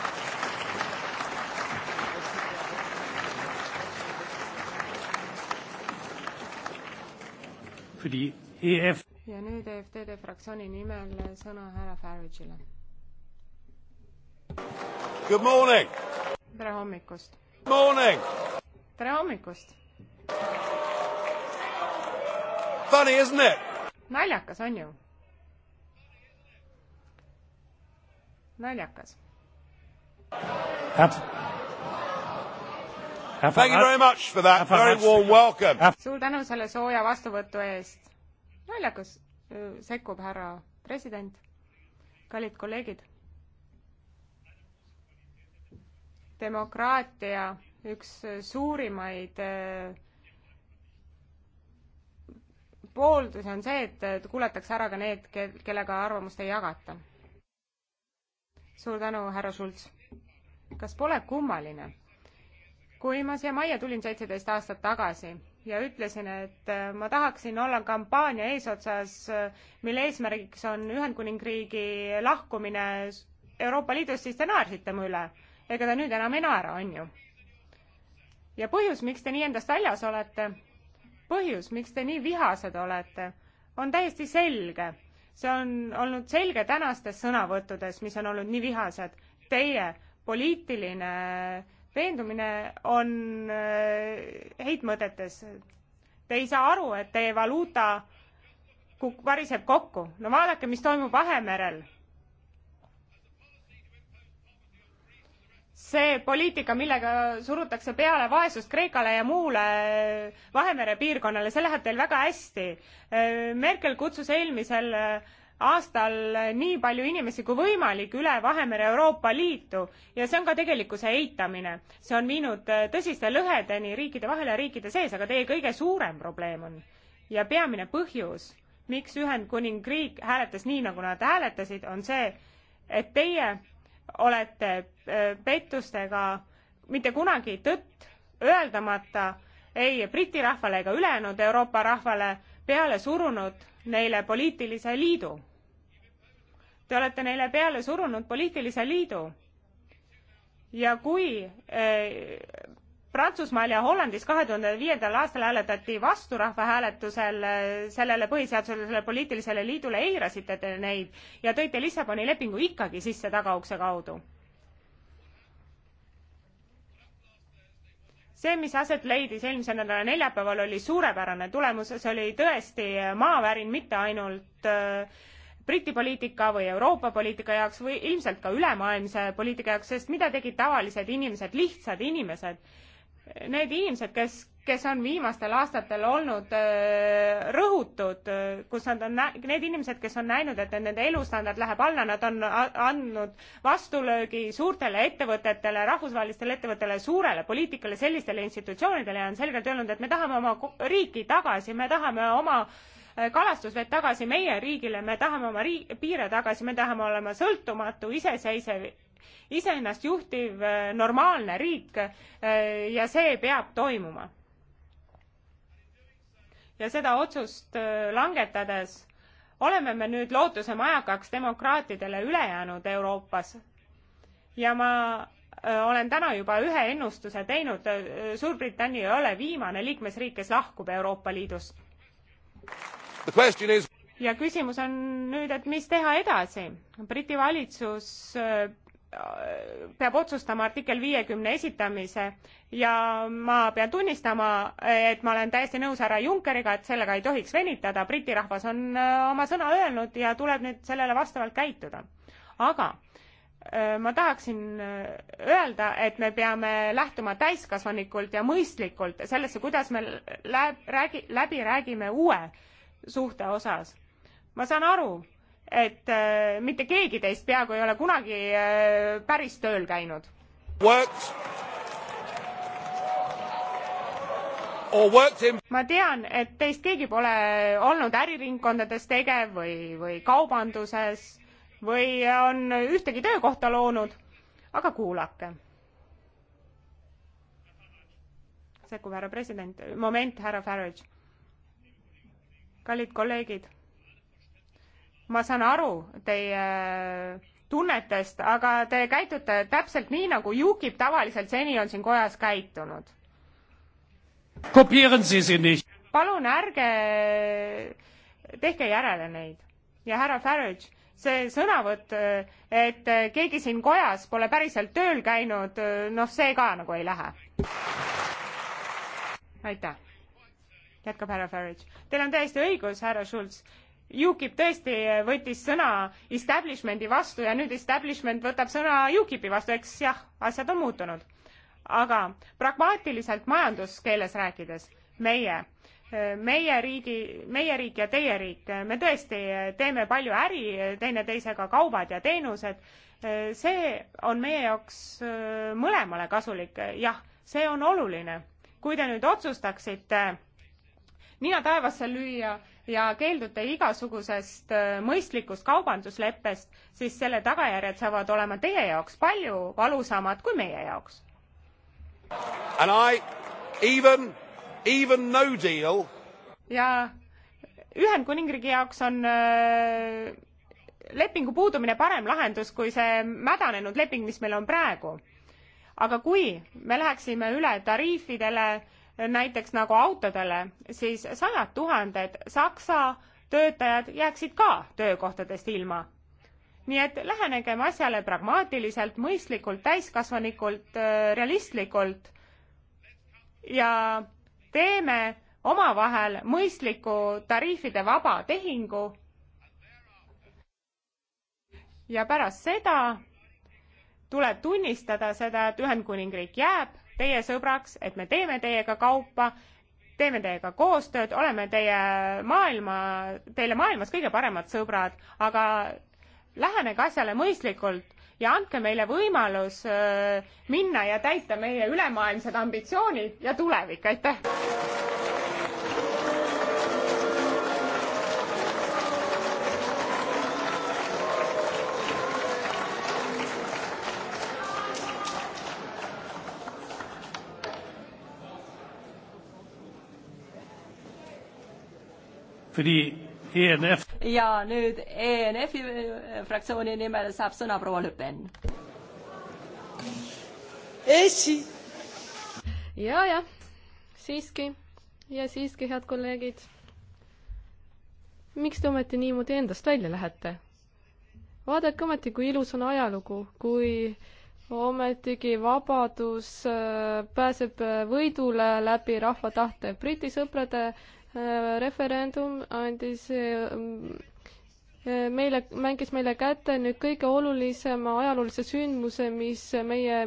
für die EF. ja nüüd EFTD fraktsiooni nimel sõna härra Farage'ile. Good morning! tere hommikust! Morning! tere hommikust! Funny, isn't it? naljakas on ju? naljakas. Thank you very much for that very warm welcome. suur tänu selle sooja vastuvõtu eest. naljakas, äh, sekkub härra president. kallid kolleegid. demokraatia üks äh, suurimaid äh, pooldusi on see, et kuulatakse ära ka need, kellega arvamust ei jagata. suur tänu, härra Schulz. kas pole kummaline? kui ma siia majja tulin seitseteist aastat tagasi ja ütlesin, et äh, ma tahaksin olla kampaania eesotsas, äh, mille eesmärgiks on Ühendkuningriigi lahkumine Euroopa Liidust, siis te naersite mu üle. ega te nüüd enam ei naera, on ju? ja põhjus, miks te nii endast väljas olete, põhjus, miks te nii vihased olete, on täiesti selge. see on olnud selge tänastes sõnavõttudes, mis on olnud nii vihased. Teie poliitiline äh, veendumine on äh, heitmõtetes. Te ei saa aru, et teie valuuta kuk-, variseb kokku. no vaadake, mis toimub Vahemerel. see poliitika, millega surutakse peale vaesust Kreekale ja muule äh, Vahemere piirkonnale, see läheb teil väga hästi. Äh, Merkel kutsus eelmisel äh, aastal nii palju inimesi kui võimalik üle Vahemere Euroopa Liitu ja see on ka tegelikkuse eitamine. see on viinud äh, tõsiste lõhedeni riikide vahel ja riikide sees, aga teie kõige suurem probleem on ja peamine põhjus, miks Ühendkuningriik hääletas nii, nagu nad hääletasid, on see, et teie olete äh, pettustega mitte kunagi tõtt öeldamata ei Briti rahvale ega ülejäänud Euroopa rahvale peale surunud neile poliitilise liidu Te olete neile peale surunud poliitilise liidu. ja kui eh, Prantsusmaal ja Hollandis kahe tuhande viiendal aastal hääletati vastu rahvahääletusel eh, sellele põhiseadusele, sellele poliitilisele liidule, eirasite te neid ja tõite Lissaboni lepingu ikkagi sisse tagaukse kaudu. see, mis aset leidis eelmise nädala neljapäeval, oli suurepärane tulemus, see oli tõesti maavärin, mitte ainult äh, Briti poliitika või Euroopa poliitika jaoks või ilmselt ka ülemaailmse poliitika jaoks, sest mida tegid tavalised inimesed, lihtsad inimesed? Need inimesed, kes, kes on viimastel aastatel olnud öö, äh, rõhutud, äh, kus nad on, need inimesed, kes on näinud, et nende elustandard läheb alla, nad on andnud vastulöögi suurtele ettevõtetele, rahvusvahelistele ettevõttele, suurele poliitikale, sellistele institutsioonidele ja on selgelt öelnud, et me tahame oma riiki tagasi, me tahame oma öö, kalastusvett tagasi meie riigile, me tahame oma riik, piire tagasi, me tahame olema sõltumatu, iseseisev, iseennast juhtiv äh, normaalne riik äh, ja see peab toimuma. ja seda otsust äh, langetades oleme me nüüd lootuse majakaks demokraatidele ülejäänud Euroopas. ja ma olen täna juba ühe ennustuse teinud, Suurbritannia ei ole viimane liikmesriik, kes lahkub Euroopa Liidust. Is... ja küsimus on nüüd, et mis teha edasi? Briti valitsus äh, peab otsustama artikkel viiekümne esitamise ja ma pean tunnistama, et ma olen täiesti nõus härra Junckeriga, et sellega ei tohiks venitada, Briti rahvas on äh, oma sõna öelnud ja tuleb nüüd sellele vastavalt käituda. aga äh, ma tahaksin öelda, et me peame lähtuma täiskasvanikult ja mõistlikult sellesse, kuidas me läbi, räägi, läbi räägime uue suhte osas. ma saan aru, et äh, mitte keegi teist peaaegu ei ole kunagi äh, päris tööl käinud. In... ma tean, et teist keegi pole olnud äriringkondades tegev või, või kaubanduses või on ühtegi töökohta loonud, aga kuulake. sekkub härra president, moment, härra Farage kallid kolleegid, ma saan aru teie tunnetest, aga te käitute täpselt nii, nagu UKIP tavaliselt seni on siin kojas käitunud. palun ärge tehke järele neid ja härra Farage, see sõnavõtt, et keegi siin kojas pole päriselt tööl käinud, noh, see ka nagu ei lähe. aitäh jätkab härra Farage. Teil on täiesti õigus, härra Schulz. UKIP tõesti võttis sõna establishment'i vastu ja nüüd establishment võtab sõna UKIP-i vastu, eks jah, asjad on muutunud. aga pragmaatiliselt majanduskeeles rääkides, meie, meie riigi, meie riik ja teie riik, me tõesti teeme palju äri, teineteisega kaubad ja teenused, see on meie jaoks äh, mõlemale kasulik, jah, see on oluline. kui te nüüd otsustaksite mina taevasse lüüa ja keeldute igasugusest äh, mõistlikust kaubandusleppest, siis selle tagajärjed saavad olema teie jaoks palju valusamad kui meie jaoks. And I even, even no deal. ja Ühendkuningriigi jaoks on öö, äh, lepingu puudumine parem lahendus kui see mädanenud leping, mis meil on praegu. aga kui me läheksime üle tariifidele, näiteks nagu autodele, siis sajad tuhanded Saksa töötajad jääksid ka töökohtadest ilma. nii et lähenegem asjale pragmaatiliselt, mõistlikult, täiskasvanikult, äh, realistlikult ja teeme omavahel mõistliku tariifide vaba tehingu. ja pärast seda tuleb tunnistada seda, et Ühendkuningriik jääb teie sõbraks, et me teeme teiega kaupa, teeme teiega koostööd, oleme teie maailma, teile maailmas kõige paremad sõbrad, aga lähenege asjale mõistlikult ja andke meile võimalus äh, minna ja täita meie ülemaailmsed ambitsioonid ja tulevik, aitäh! E ja nüüd ENF-i äh, fraktsiooni nimel saab sõna proua Le Pen. Eesti. Eh, ja, jah, siiski ja siiski, head kolleegid. miks te ometi niimoodi endast välja lähete? vaadake ometi, kui ilus on ajalugu, kui ometigi vabadus äh, pääseb äh, võidule läbi rahva tahte. Briti sõprade äh, referendum andis eh, eh, meile, mängis meile kätte nüüd kõige olulisema ajaloolise sündmuse, mis meie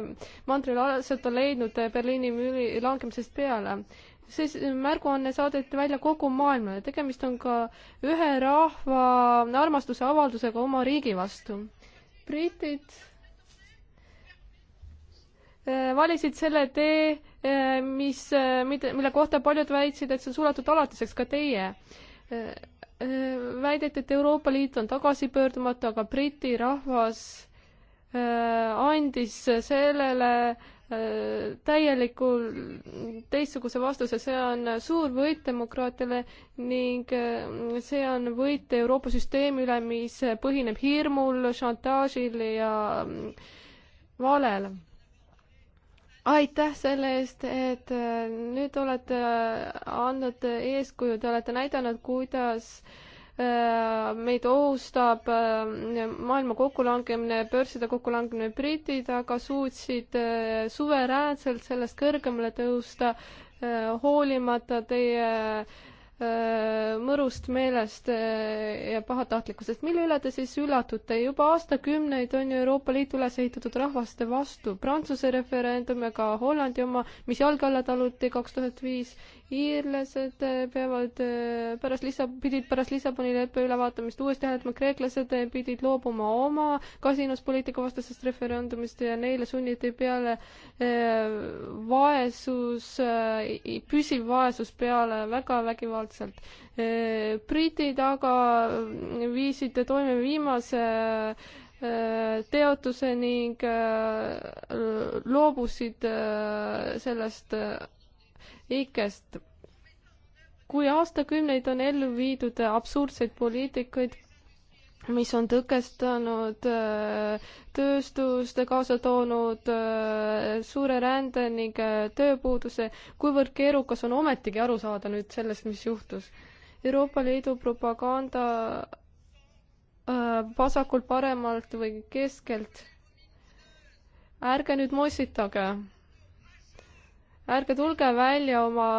mandril aset on leidnud eh, Berliini müüri langemisest peale. see märguanne saadeti välja kogu maailmale, tegemist on ka ühe rahva armastuse avaldusega oma riigi vastu. britid Eh, valisid selle tee, eh, mis, eh, mida, mille kohta paljud väitsid, et see on suletud alatiseks, ka teie. väideti, et Euroopa Liit on tagasipöördumatu, aga Briti rahvas andis sellele täieliku teistsuguse vastuse, see on suur võit demokraatiale ning see on võit Euroopa süsteemi üle, mis põhineb hirmul, šantaažil ja mm, valel aitäh selle eest, et äh, nüüd olete äh, andnud eeskuju, te olete näidanud, kuidas äh, meid ohustab maailma kokkulangemine, börside kokkulangemine, britid aga suutsid suveräänselt sellest kõrgemale tõusta, hoolimata teie Äh, mõrust meelest äh, ja pahatahtlikkusest, mille üle te siis üllatute? juba aastakümneid on ju Euroopa Liit üles ehitatud rahvaste vastu. Prantsuse referendum ja ka Hollandi oma, mis jalge alla taluti kaks tuhat viis iirlased eh, peavad eh, pärast Lissa-, pidid pärast Lissaboni leppe ülevaatamist uuesti hääletama, kreeklased eh, pidid loobuma oma kasinuspoliitika vastasest referendumist ja neile sunniti peale vaesus, püsiv vaesus peale väga vägivaldselt. britid aga viisid toime viimase teotuse ning loobusid sellest ikkest. kui aastakümneid on ellu viidud absurdseid poliitikaid, mis on tõkestanud äh, tööstust, kaasa toonud äh, suure rände ning äh, tööpuuduse, kuivõrd keerukas on ometigi aru saada nüüd sellest, mis juhtus. Euroopa Liidu propaganda vasakult, paremalt või keskelt. ärge nüüd mossitage ärge tulge välja oma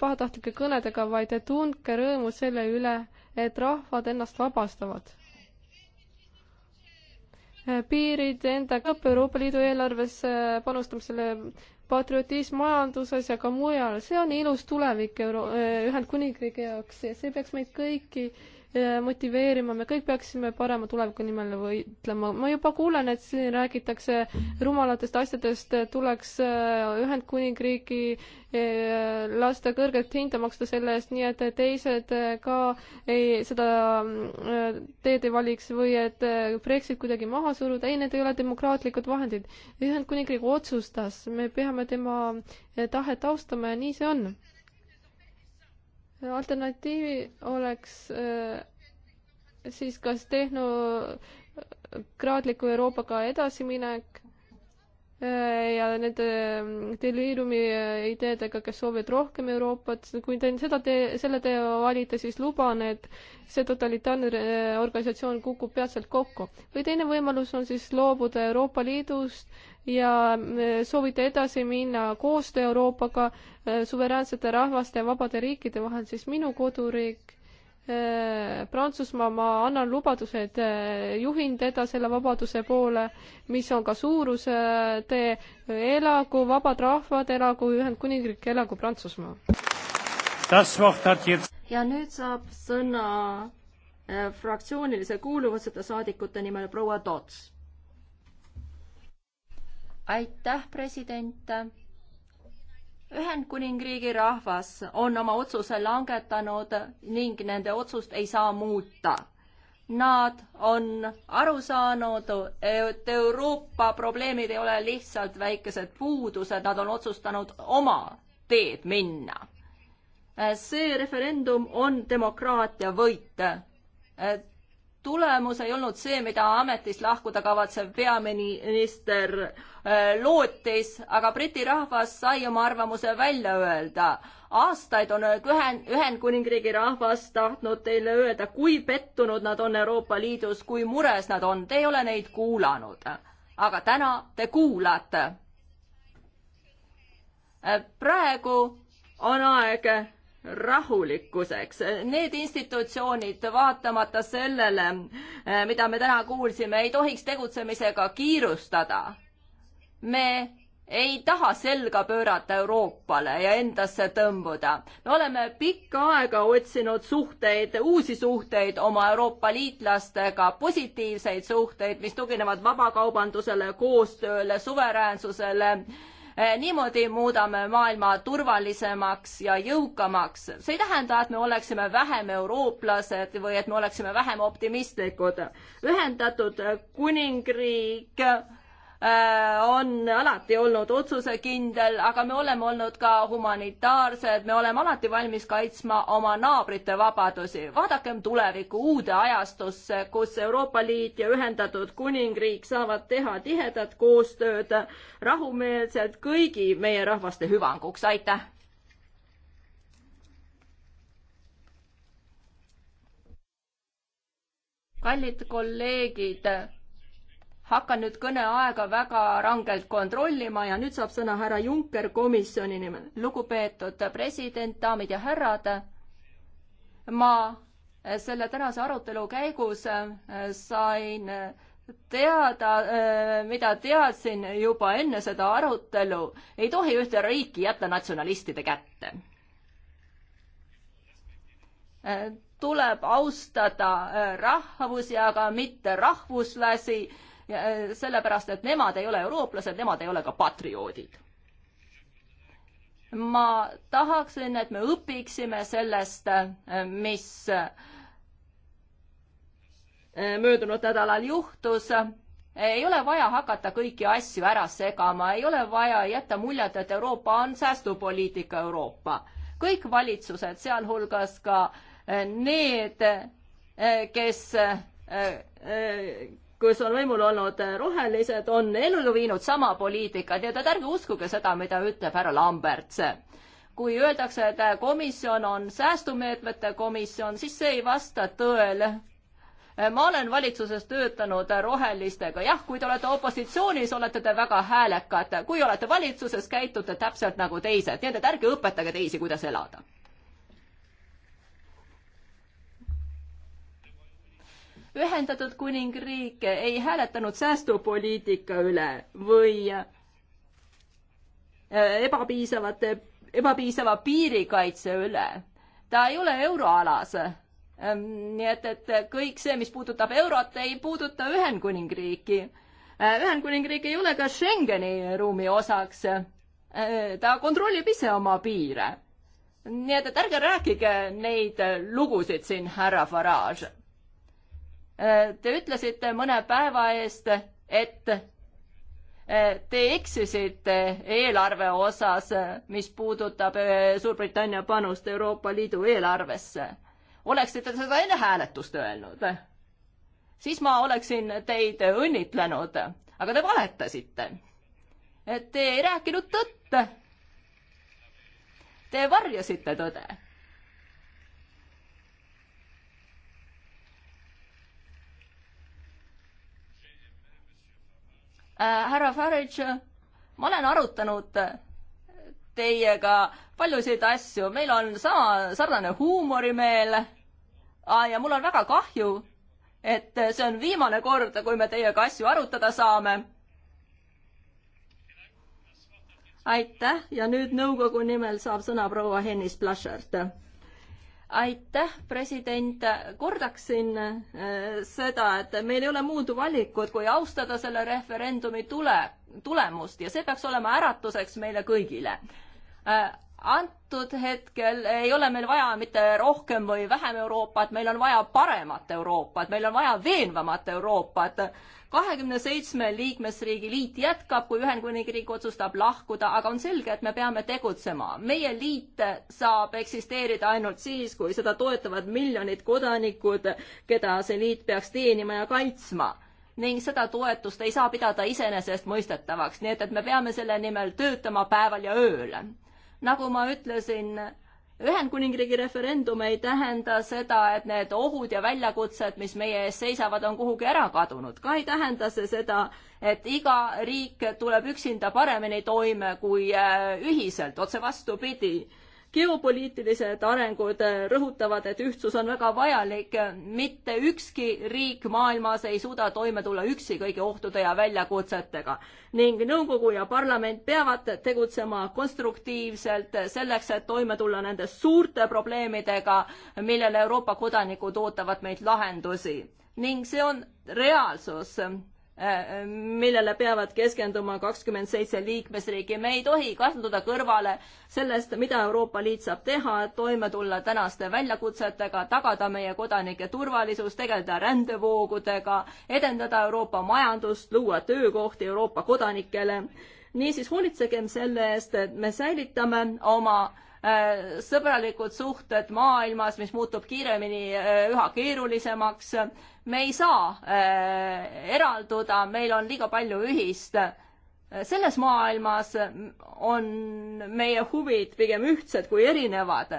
pahatahtlike kõnedega, vaid tundke rõõmu selle üle, et rahvad ennast vabastavad. piirid enda kõpp Euroopa Liidu eelarvesse äh, panustamisele patriotism majanduses ja ka mujal, see on ilus tulevik Euro-, äh, Ühendkuningriigi jaoks ja see peaks meid kõiki äh, motiveerima, me kõik peaksime parema tuleviku nimel võitlema. ma juba kuulen, et siin räägitakse rumalatest asjadest, tuleks äh, Ühendkuningriigi äh, lasta kõrget hinda maksta selle eest, nii et teised äh, ka ei, seda teed ei valiks või et Brexit kuidagi maha suruda, ei, need ei ole demokraatlikud vahendid. Ühendkuningriik otsustas, me peame tema tahet austama ja nii see on alternatiivi oleks äh, siis kas tehnokraatliku Euroopaga edasiminek Äh, ja nende mm, deliirumi äh, ideedega, kes soovivad rohkem Euroopat, kui te seda tee, selle tee valite, siis luban, et see totalitaarne äh, organisatsioon kukub peatselt kokku. või teine võimalus on siis loobuda Euroopa Liidust ja mm, soovite edasi minna koostöö Euroopaga suveräänsete rahvaste ja vabade riikide vahel, siis minu koduriik Äh, Prantsusmaa, ma annan lubaduse, et äh, juhin teda selle vabaduse poole, mis on ka suurustee, äh, elagu vabad rahvad, elagu Ühendkuningriik, elagu Prantsusmaa. ja nüüd saab sõna fraktsioonilise kuuluvuseta saadikute nimel proua Toots. aitäh, president Ühendkuningriigi rahvas on oma otsuse langetanud ning nende otsust ei saa muuta. Nad on aru saanud, et Euroopa probleemid ei ole lihtsalt väikesed puudused, nad on otsustanud oma teed minna. see referendum on demokraatia võit tulemus ei olnud see, mida ametist lahkuda kavatsev peaminister äh, lootis, aga Briti rahvas sai oma arvamuse välja öelda. aastaid on Ühen-, Ühendkuningriigi rahvas tahtnud teile öelda, kui pettunud nad on Euroopa Liidus, kui mures nad on, te ei ole neid kuulanud. aga täna te kuulate. Äh, praegu on aeg rahulikkuseks. Need institutsioonid, vaatamata sellele, eh, mida me täna kuulsime, ei tohiks tegutsemisega kiirustada. me ei taha selga pöörata Euroopale ja endasse tõmbuda. me oleme pikka aega otsinud suhteid, uusi suhteid oma Euroopa liitlastega, positiivseid suhteid, mis tuginevad vabakaubandusele, koostööle, suveräänsusele Eh, niimoodi muudame maailma turvalisemaks ja jõukamaks. see ei tähenda, et me oleksime vähem eurooplased või et me oleksime vähem optimistlikud. ühendatud eh, kuningriik Äh, on alati olnud otsusekindel, aga me oleme olnud ka humanitaarsed, me oleme alati valmis kaitsma oma naabrite vabadusi. vaadakem tulevikku, uude ajastusse, kus Euroopa Liit ja Ühendatud Kuningriik saavad teha tihedat koostööd rahumeelselt kõigi meie rahvaste hüvanguks, aitäh! kallid kolleegid hakkan nüüd kõneaega väga rangelt kontrollima ja nüüd saab sõna härra Juncker komisjoni nimel. lugupeetud president, daamid ja härrad, ma eh, selle tänase arutelu käigus eh, sain eh, teada, mida teadsin juba enne seda arutelu, ei tohi ühte riiki jätta natsionalistide kätte. tuleb austada rahvusi, aga mitte rahvuslasi Äh, sellepärast et nemad ei ole eurooplased, nemad ei ole ka patrioodid. ma tahaksin, et me õpiksime sellest, äh, mis äh, möödunud nädalal juhtus ei ole vaja hakata kõiki asju ära segama, ei ole vaja jätta muljet, et Euroopa on säästupoliitika Euroopa. kõik valitsused, sealhulgas ka need, kes kus on võimul olnud rohelised, on ellu viinud sama poliitikat, nii et ärge uskuge seda, mida ütleb härra Lamberts. kui öeldakse, et komisjon on säästumeetmete komisjon, siis see ei vasta tõele ma olen valitsuses töötanud rohelistega, jah, kui te olete opositsioonis, olete te väga häälekad, kui olete valitsuses, käitute täpselt nagu teised, nii et ärge õpetage teisi, kuidas elada Ühendatud Kuningriik ei hääletanud säästupoliitika üle või äh, ebapiisavate, ebapiisava piirikaitse üle. ta ei ole euroalas. Ähm, nii et, et kõik see, mis puudutab eurot, ei puuduta Ühendkuningriiki. Äh, Ühendkuningriik ei ole ka Schengeni ruumi osaks. Äh, ta kontrollib ise oma piire. nii et, et ärge rääkige neid lugusid siin, härra Farage Äh, te ütlesite mõne päeva eest, et äh, te eksisite eelarve osas, mis puudutab äh, Suurbritannia panust Euroopa Liidu eelarvesse. oleksite seda enne hääletust öelnud, siis ma oleksin teid õnnitlenud, aga te valetasite. Te ei rääkinud tõtt. Te varjasite tõde Äh, härra Farage, ma olen arutanud teiega paljusid asju, meil on sama, sarnane huumorimeel ah,. ja mul on väga kahju, et see on viimane kord, kui me teiega asju arutada saame. aitäh ja nüüd nõukogu nimel saab sõna proua Hennis Plaschert aitäh, president, kordaksin äh, seda, et meil ei ole muud valikut, kui austada selle referendumi tule, tulemust ja see peaks olema äratuseks meile kõigile äh, antud hetkel ei ole meil vaja mitte rohkem või vähem Euroopat, meil on vaja paremat Euroopat, meil on vaja veenvamat Euroopat. kahekümne seitsme liikmesriigi liit jätkab, kui Ühendkuningriik otsustab lahkuda, aga on selge, et me peame tegutsema. meie liit saab eksisteerida ainult siis, kui seda toetavad miljonid kodanikud, keda see liit peaks teenima ja kaitsma ning seda toetust ei saa pidada iseenesestmõistetavaks, nii et, et me peame selle nimel töötama päeval ja ööl nagu ma ütlesin, Ühendkuningriigi referendum ei tähenda seda, et need ohud ja väljakutsed, mis meie ees seisavad, on kuhugi ära kadunud. ka ei tähenda see seda, et iga riik tuleb üksinda paremini toime kui äh, ühiselt, otse vastupidi geopoliitilised arengud äh, rõhutavad, et ühtsus on väga vajalik. mitte ükski riik maailmas ei suuda toime tulla üksi kõigi ohtude ja väljakutsetega ning nõukogu ja parlament peavad tegutsema konstruktiivselt selleks, et toime tulla nende suurte probleemidega, millele Euroopa kodanikud ootavad meilt lahendusi ning see on reaalsus millele peavad keskenduma kakskümmend seitse liikmesriiki. me ei tohi kalduda kõrvale sellest, mida Euroopa Liit saab teha, et toime tulla tänaste väljakutsetega, tagada meie kodanike turvalisus, tegeleda rändevoogudega, edendada Euroopa majandust, luua töökohti Euroopa kodanikele. niisiis hoolitsegem selle eest, et me säilitame oma Äh, sõbralikud suhted maailmas, mis muutub kiiremini äh, üha keerulisemaks. me ei saa äh, eralduda, meil on liiga palju ühist. selles maailmas on meie huvid pigem ühtsed kui erinevad.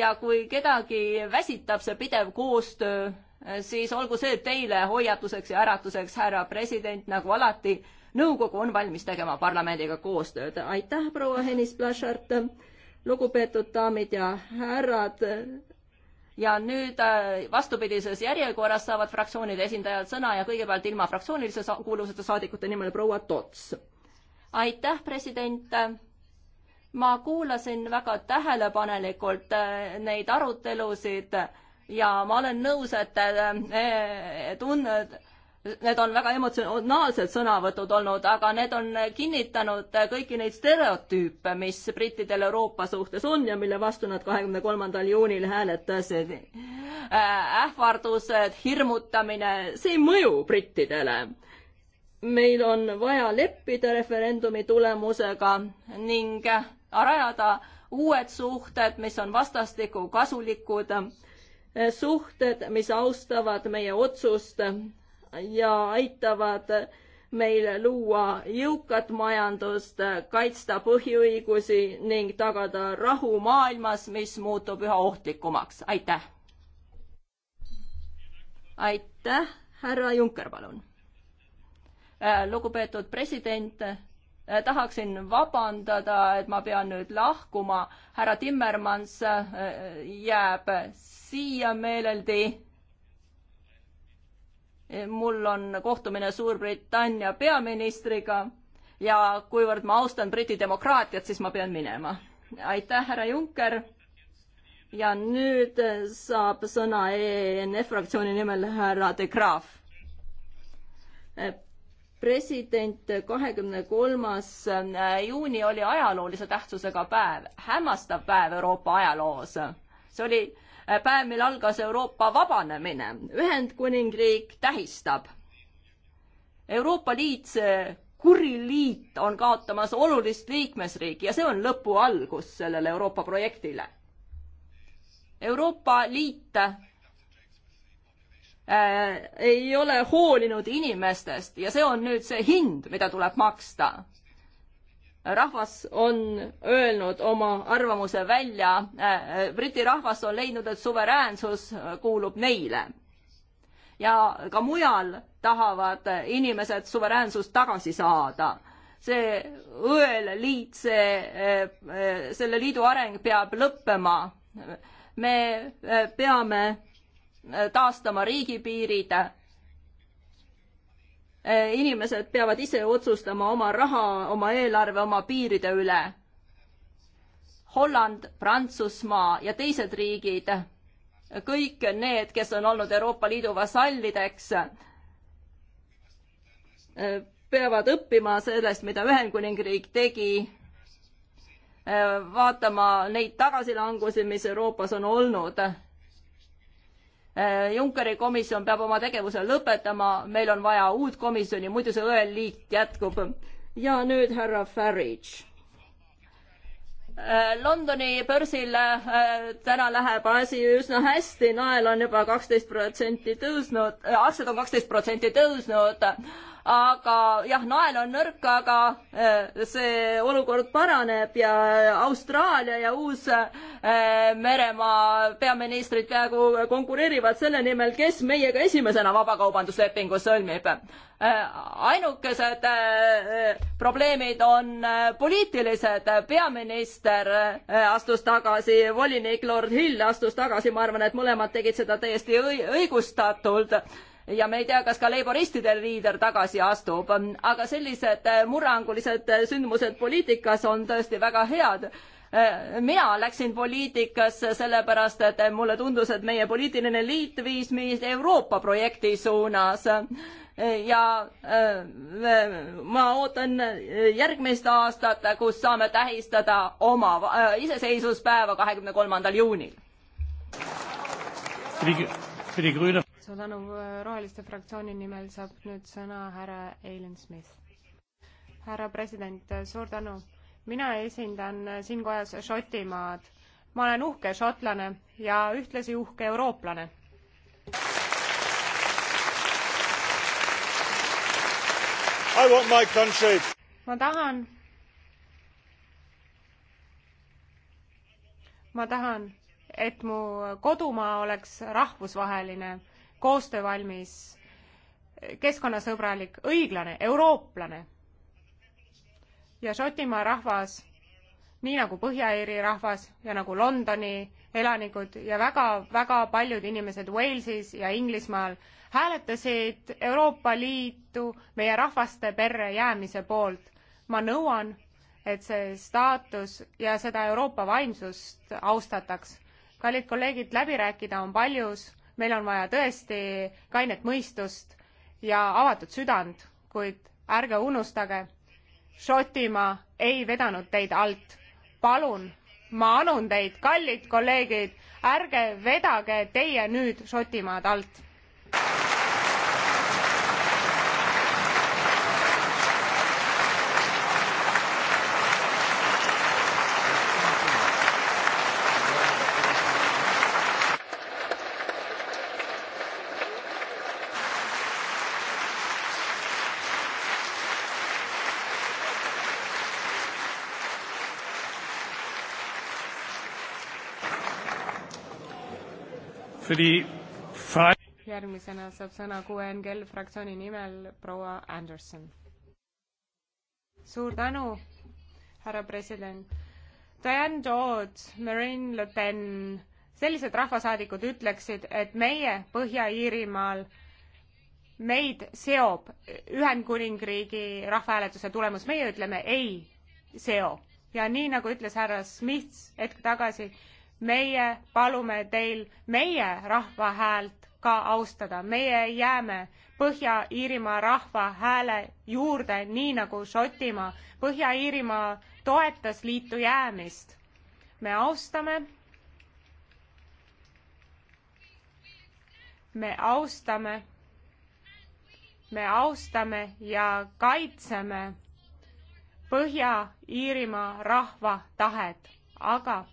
ja kui kedagi väsitab see pidev koostöö, siis olgu see teile hoiatuseks ja äratuseks, härra president, nagu alati nõukogu on valmis tegema parlamendiga koostööd. aitäh, proua Hennis Plašart lugupeetud daamid ja härrad. ja nüüd äh, vastupidises järjekorras saavad fraktsioonide esindajad sõna ja kõigepealt ilma fraktsioonilise kuuluvuseta saadikute nimel proua Tots. aitäh, president. ma kuulasin väga tähelepanelikult äh, neid arutelusid ja ma olen nõus, et äh, tunned need on väga emotsionaalsed sõnavõtud olnud, aga need on kinnitanud kõiki neid stereotüüpe, mis brittidel Euroopa suhtes on ja mille vastu nad kahekümne kolmandal juunil hääletasid. Äh, ähvardused, hirmutamine, see ei mõju brittidele. meil on vaja leppida referendumi tulemusega ning rajada uued suhted, mis on vastastikku kasulikud, suhted, mis austavad meie otsust ja aitavad meil luua jõukat majandust, kaitsta põhiõigusi ning tagada rahu maailmas, mis muutub üha ohtlikumaks. aitäh! aitäh, härra Junker, palun! Äh, lugupeetud president, äh, tahaksin vabandada, et ma pean nüüd lahkuma. härra Timmermans äh, jääb siia meeleldi mul on kohtumine Suurbritannia peaministriga ja kuivõrd ma austan Briti demokraatiat, siis ma pean minema. aitäh, härra Juncker. ja nüüd saab sõna ENF fraktsiooni nimel härra De Graaf. president kahekümne kolmas äh, juuni oli ajaloolise tähtsusega päev, hämmastav päev Euroopa ajaloos. see oli päev, mil algas Euroopa vabanemine. Ühendkuningriik tähistab. Euroopa Liit, see kuriliit on kaotamas olulist liikmesriiki ja see on lõpu algus sellele Euroopa projektile. Euroopa Liit äh, ei ole hoolinud inimestest ja see on nüüd see hind, mida tuleb maksta rahvas on öelnud oma arvamuse välja, Briti rahvas on leidnud, et suveräänsus kuulub neile. ja ka mujal tahavad inimesed suveräänsust tagasi saada. see õel liit, see, selle liidu areng peab lõppema. me peame taastama riigipiirid Eh, inimesed peavad ise otsustama oma raha, oma eelarve, oma piiride üle. Holland, Prantsusmaa ja teised riigid, kõik need, kes on olnud Euroopa Liidu vasallideks, eh, peavad õppima sellest, mida Ühendkuningriik tegi, eh, vaatama neid tagasilangusi, mis Euroopas on olnud Äh, Junckeri komisjon peab oma tegevuse lõpetama, meil on vaja uut komisjoni, muidu see õelliit jätkub. ja nüüd härra Farage. Äh, Londoni börsil äh, täna läheb asi üsna hästi, nael on juba kaksteist protsenti tõusnud, aktsiad on kaksteist protsenti tõusnud, aga jah, nael on nõrk, aga äh, see olukord paraneb ja äh, Austraalia ja Uus-Meremaa äh, peaministrid peaaegu konkureerivad selle nimel, kes meiega esimesena vabakaubanduslepingu sõlmib. ainukesed probleemid on poliitilised, peaminister astus tagasi, volinik Lord Hill astus tagasi, ma arvan, et mõlemad tegid seda täiesti õigustatult ja me ei tea, kas ka leiboristidel liider tagasi astub, aga sellised äh, murrangulised äh, sündmused poliitikas on tõesti väga head äh, mina läksin poliitikasse sellepärast, et mulle tundus, et meie poliitiline liit viis meid Euroopa projekti suunas. ja ma ootan järgmist aastat, kus saame tähistada oma iseseisvuspäeva kahekümne kolmandal juunil suur tänu, Roheliste fraktsiooni nimel saab nüüd sõna härra Eilen Smith. härra president, suur tänu. mina esindan siin kojas Šotimaad. ma olen uhke šotlane ja ühtlasi uhke eurooplane. ma tahan ma tahan, et mu kodumaa oleks rahvusvaheline koostöövalmis, keskkonnasõbralik, õiglane, eurooplane. ja Šotimaa rahvas, nii nagu Põhja-Iiri rahvas ja nagu Londoni elanikud ja väga-väga paljud inimesed Walesis ja Inglismaal hääletasid Euroopa Liitu meie rahvaste perre jäämise poolt. ma nõuan, et see staatus ja seda Euroopa vaimsust austataks. kallid kolleegid, läbi rääkida on paljus meil on vaja tõesti kainet mõistust ja avatud südant, kuid ärge unustage, Šotimaa ei vedanud teid alt. palun, ma anun teid, kallid kolleegid, ärge vedage teie nüüd Šotimaad alt järgmisena saab sõna QNGL fraktsiooni nimel proua Anderson. suur tänu, härra president. Diane Dodd, Marine Le Pen, sellised rahvasaadikud ütleksid, et meie Põhja-Iirimaal meid seob Ühendkuningriigi rahvahääletuse tulemus, meie ütleme ei seo. ja nii, nagu ütles härra Smith hetk tagasi, meie palume teil meie rahva häält ka austada. meie jääme Põhja-Iirimaa rahva hääle juurde, nii nagu Šotimaa. Põhja-Iirimaa toetas liitu jäämist. me austame. me austame. me austame ja kaitseme Põhja-Iirimaa rahva tahet, aga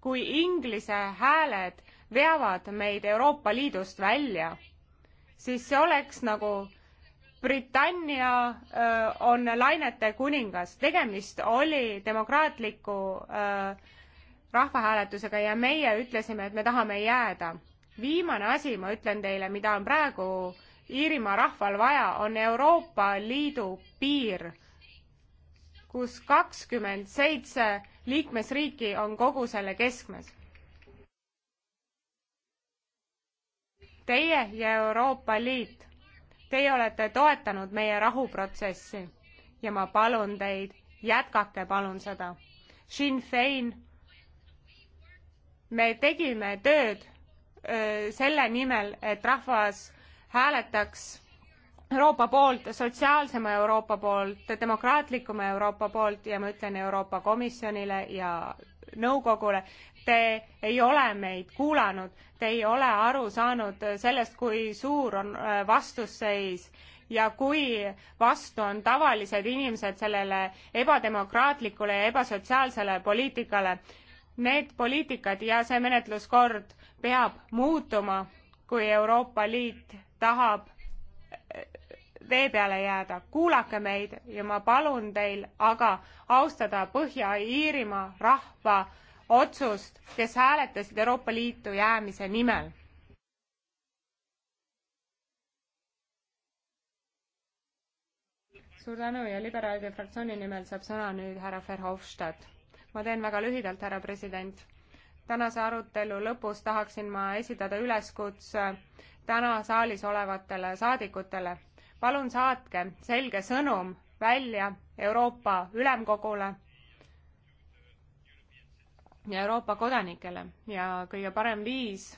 kui inglise hääled veavad meid Euroopa Liidust välja, siis see oleks nagu Britannia öö, on lainete kuningas, tegemist oli demokraatliku öö, rahvahääletusega ja meie ütlesime, et me tahame jääda. viimane asi, ma ütlen teile, mida on praegu Iirimaa rahval vaja, on Euroopa Liidu piir kus kakskümmend seitse liikmesriiki on kogu selle keskmes. Teie ja Euroopa Liit, teie olete toetanud meie rahuprotsessi ja ma palun teid, jätkake palun seda. Sinn Fein, me tegime tööd öö, selle nimel, et rahvas hääletaks Euroopa poolt, sotsiaalsema Euroopa poolt, demokraatlikuma Euroopa poolt ja ma ütlen Euroopa Komisjonile ja nõukogule, te ei ole meid kuulanud, te ei ole aru saanud sellest, kui suur on äh, vastusseis ja kui vastu on tavalised inimesed sellele ebademokraatlikule ja ebasotsiaalsele poliitikale. Need poliitikad ja see menetluskord peab muutuma, kui Euroopa Liit tahab vee peale jääda. kuulake meid ja ma palun teil aga austada Põhja-Iirimaa rahva otsust, kes hääletasid Euroopa Liitu jäämise nimel. suur tänu ja liberaalide fraktsiooni nimel saab sõna nüüd härra Verhofstadt. ma teen väga lühidalt, härra president tänase arutelu lõpus tahaksin ma esitada üleskutse täna saalis olevatele saadikutele. palun saatke selge sõnum välja Euroopa Ülemkogule ja Euroopa kodanikele ja kõige parem viis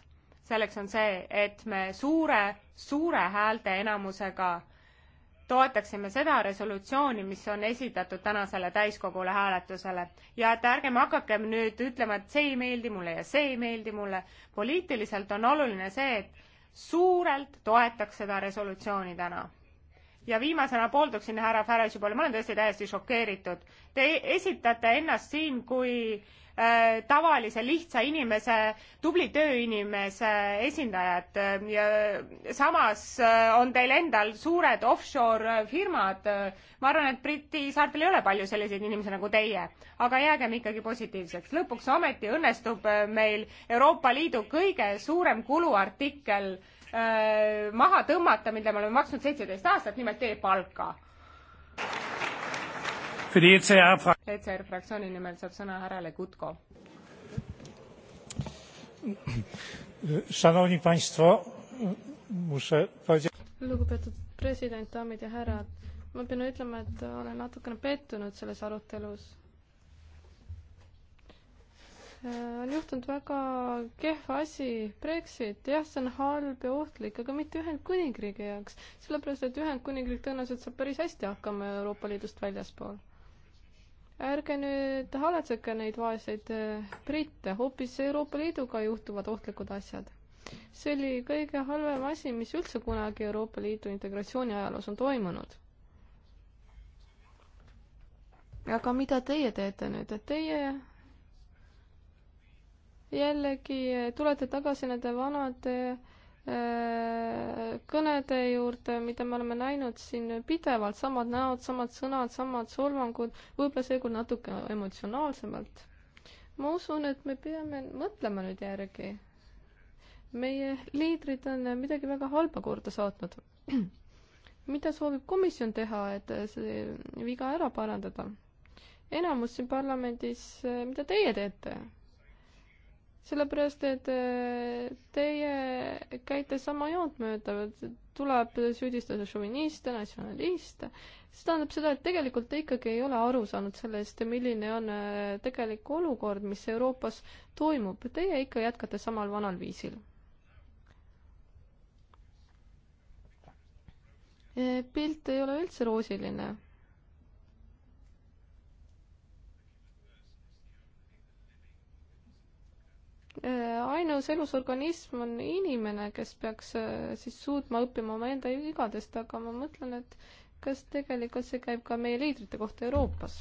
selleks on see, et me suure, suure häälte enamusega toetaksime seda resolutsiooni, mis on esitatud tänasele täiskogule hääletusele ja et ärgem hakakem nüüd ütlema, et see ei meeldi mulle ja see ei meeldi mulle. poliitiliselt on oluline see, et suurelt toetaks seda resolutsiooni täna. ja viimasena poolduksin härra Farage'i poole, ma olen tõesti täiesti šokeeritud. Te esitate ennast siin kui äh, Äh, tavalise lihtsa inimese, tubli tööinimese esindajad äh, ja samas äh, on teil endal suured offshore firmad. ma arvan, et Briti saartel ei ole palju selliseid inimesi nagu teie, aga jäägem ikkagi positiivseks. lõpuks ometi õnnestub meil Euroopa Liidu kõige suurem kuluartikkel maha tõmmata, mille me oleme maksnud seitseteist aastat, nimelt teie palka ECR e fraktsiooni nimel saab sõna härra Legutko. lugupeetud president, daamid ja härrad, ma pean ütlema, et olen natukene pettunud selles arutelus äh, on juhtunud väga kehv asi, Brexit, jah, see on halb ja ohtlik, aga mitte Ühendkuningriigi jaoks, sellepärast et Ühendkuningriik tõenäoliselt saab päris hästi hakkama Euroopa Liidust väljaspool ärge nüüd haletsege neid vaeseid äh, britte, hoopis Euroopa Liiduga juhtuvad ohtlikud asjad. see oli kõige halvem asi, mis üldse kunagi Euroopa Liidu integratsiooni ajaloos on toimunud. aga mida teie teete nüüd, et teie jällegi äh, tulete tagasi nende vanade äh, Äh, kõnede juurde, mida me oleme näinud siin pidevalt, samad näod, samad sõnad, samad solvangud, võib-olla seekord natuke emotsionaalsemalt. ma usun, et me peame mõtlema nüüd järgi. meie liidrid on midagi väga halba korda saatnud. [clears throat] mida soovib komisjon teha, et see viga ära parandada? enamus siin parlamendis, äh, mida teie teete? sellepärast, et äh, teie käite sama joont mööda, tuleb süüdistada šoviniste, natsionaliste. see tähendab seda, et tegelikult te ikkagi ei ole aru saanud sellest, milline on äh, tegelik olukord, mis Euroopas toimub. Teie ikka jätkate samal vanal viisil. Äh, pilt ei ole üldse roosiline Äh, ainus elus organism on inimene, kes peaks äh, siis suutma õppima omaenda vigadest, aga ma mõtlen, et kas tegelikult see käib ka meie liidrite kohta Euroopas?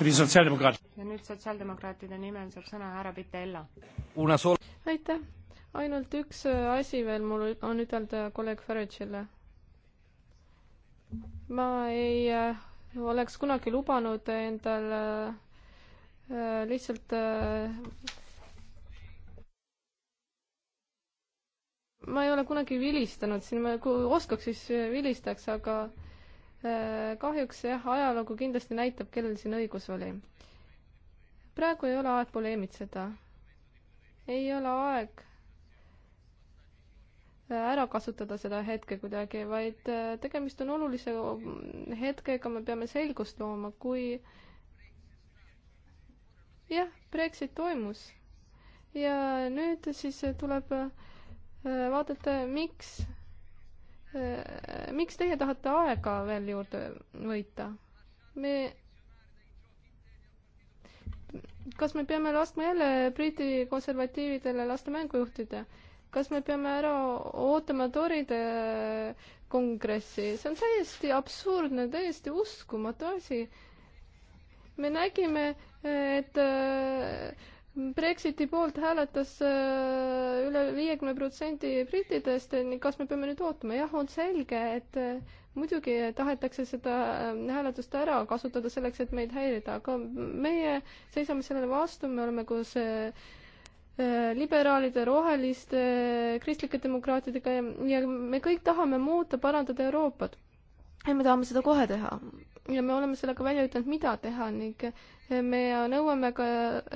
ja nüüd sotsiaaldemokraatide nimel saab sõna härra Pitella. aitäh, ainult üks äh, asi veel mul on ütelda kolleeg Farage'ile. ma ei oleks kunagi lubanud endal lihtsalt ma ei ole kunagi vilistanud siin, ma kui oskaks, siis äh, vilistaks, aga äh, kahjuks jah, ajalugu kindlasti näitab, kellel siin õigus oli. praegu ei ole aeg poleemitseda. ei ole aeg äh, ära kasutada seda hetke kuidagi, vaid tegemist on olulise mm, hetkega, me peame selgust looma, kui jah, Brexit toimus ja nüüd siis tuleb äh, Äh, vaadata, miks, äh, miks teie tahate aega veel juurde võita? me, kas me peame laskma jälle Briti konservatiividele lasta mängu juhtida? kas me peame ära ootama toride kongressi, see on täiesti absurdne, täiesti uskumatu asi. me nägime, et äh, Brexiti poolt hääletas äh, üle viiekümne protsendi brittidest, nii kas me peame nüüd ootama, jah, on selge, et äh, muidugi tahetakse seda äh, hääletust ära kasutada selleks, et meid häirida, aga meie seisame sellele vastu, me oleme koos liberaalide, roheliste, kristlike demokraatidega ja, ja me kõik tahame muuta, parandada Euroopat. ja me tahame seda kohe teha ja me oleme sellega välja ütelnud, mida teha ning me nõuame ka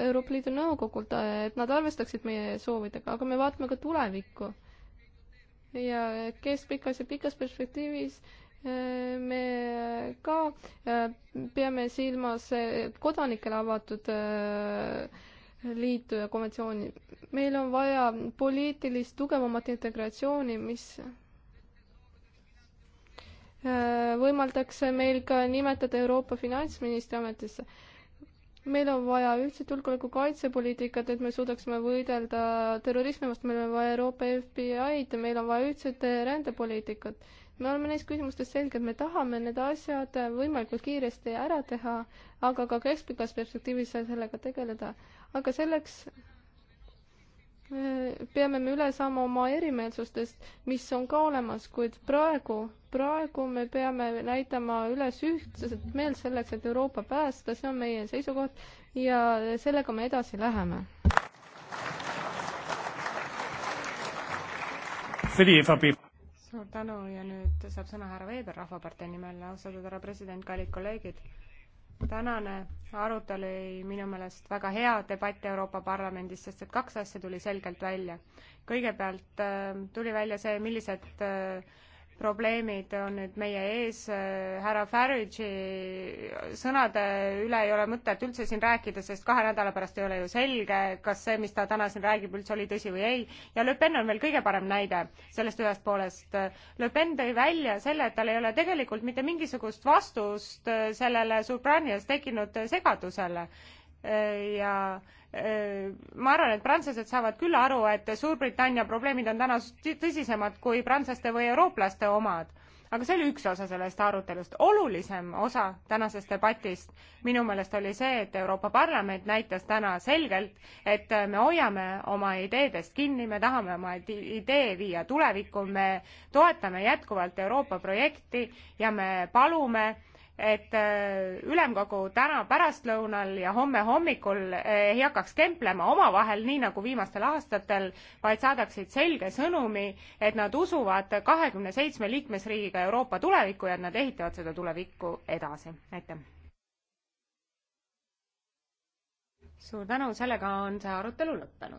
Euroopa Liidu Nõukogult, et nad arvestaksid meie soovidega, aga me vaatame ka tulevikku. ja keskpikas ja pikas perspektiivis me ka peame silmas kodanikele avatud liitu ja konventsiooni. meil on vaja poliitilist tugevamat integratsiooni, mis Äh, võimaldaks meil ka nimetada Euroopa finantsministri ametisse. meil on vaja ühtset julgeoleku kaitsepoliitikat, et me suudaksime võidelda terrorismi vastu, meil on vaja Euroopa FBI-d, meil on vaja ühtset rändepoliitikat. me oleme neis küsimustes selged, me tahame need asjad võimalikult kiiresti ära teha, aga ka keskpikas perspektiivis sellega tegeleda. aga selleks peame me üle saama oma erimeelsustest, mis on ka olemas, kuid praegu, praegu me peame näitama üles ühtset meelt selleks, et Euroopa päästa, see on meie seisukoht ja sellega me edasi läheme. suur tänu ja nüüd saab sõna härra Veeber Rahvapartei nimel, austatud härra president, kallid kolleegid tänane arutelu oli minu meelest väga hea debatt Euroopa Parlamendis, sest et kaks asja tuli selgelt välja. kõigepealt äh, tuli välja see, millised äh, probleemid on nüüd meie ees, äh, härra Farage'i sõnade üle ei ole mõtet üldse siin rääkida, sest kahe nädala pärast ei ole ju selge, kas see, mis ta täna siin räägib, üldse oli tõsi või ei. ja Le Pen on veel kõige parem näide sellest ühest poolest. Le Pen tõi välja selle, et tal ei ole tegelikult mitte mingisugust vastust äh, sellele Suurbritannias tekkinud segadusele äh, ja Äh, ma arvan, et prantslased saavad küll aru, et Suurbritannia probleemid on täna tõsisemad kui prantslaste või eurooplaste omad. aga see oli üks osa sellest arutelust. olulisem osa tänasest debatist minu meelest oli see, et Euroopa Parlament näitas täna selgelt, et me hoiame oma ideedest kinni, me tahame oma idee viia tulevikku, me toetame jätkuvalt Euroopa projekti ja me palume et äh, ülemkogu täna pärastlõunal ja homme hommikul äh, ei hakkaks kemplema omavahel, nii nagu viimastel aastatel, vaid saadaksid selge sõnumi, et nad usuvad kahekümne seitsme liikmesriigiga Euroopa tulevikku ja et nad ehitavad seda tulevikku edasi. aitäh! suur tänu, sellega on see arutelu lõppenud.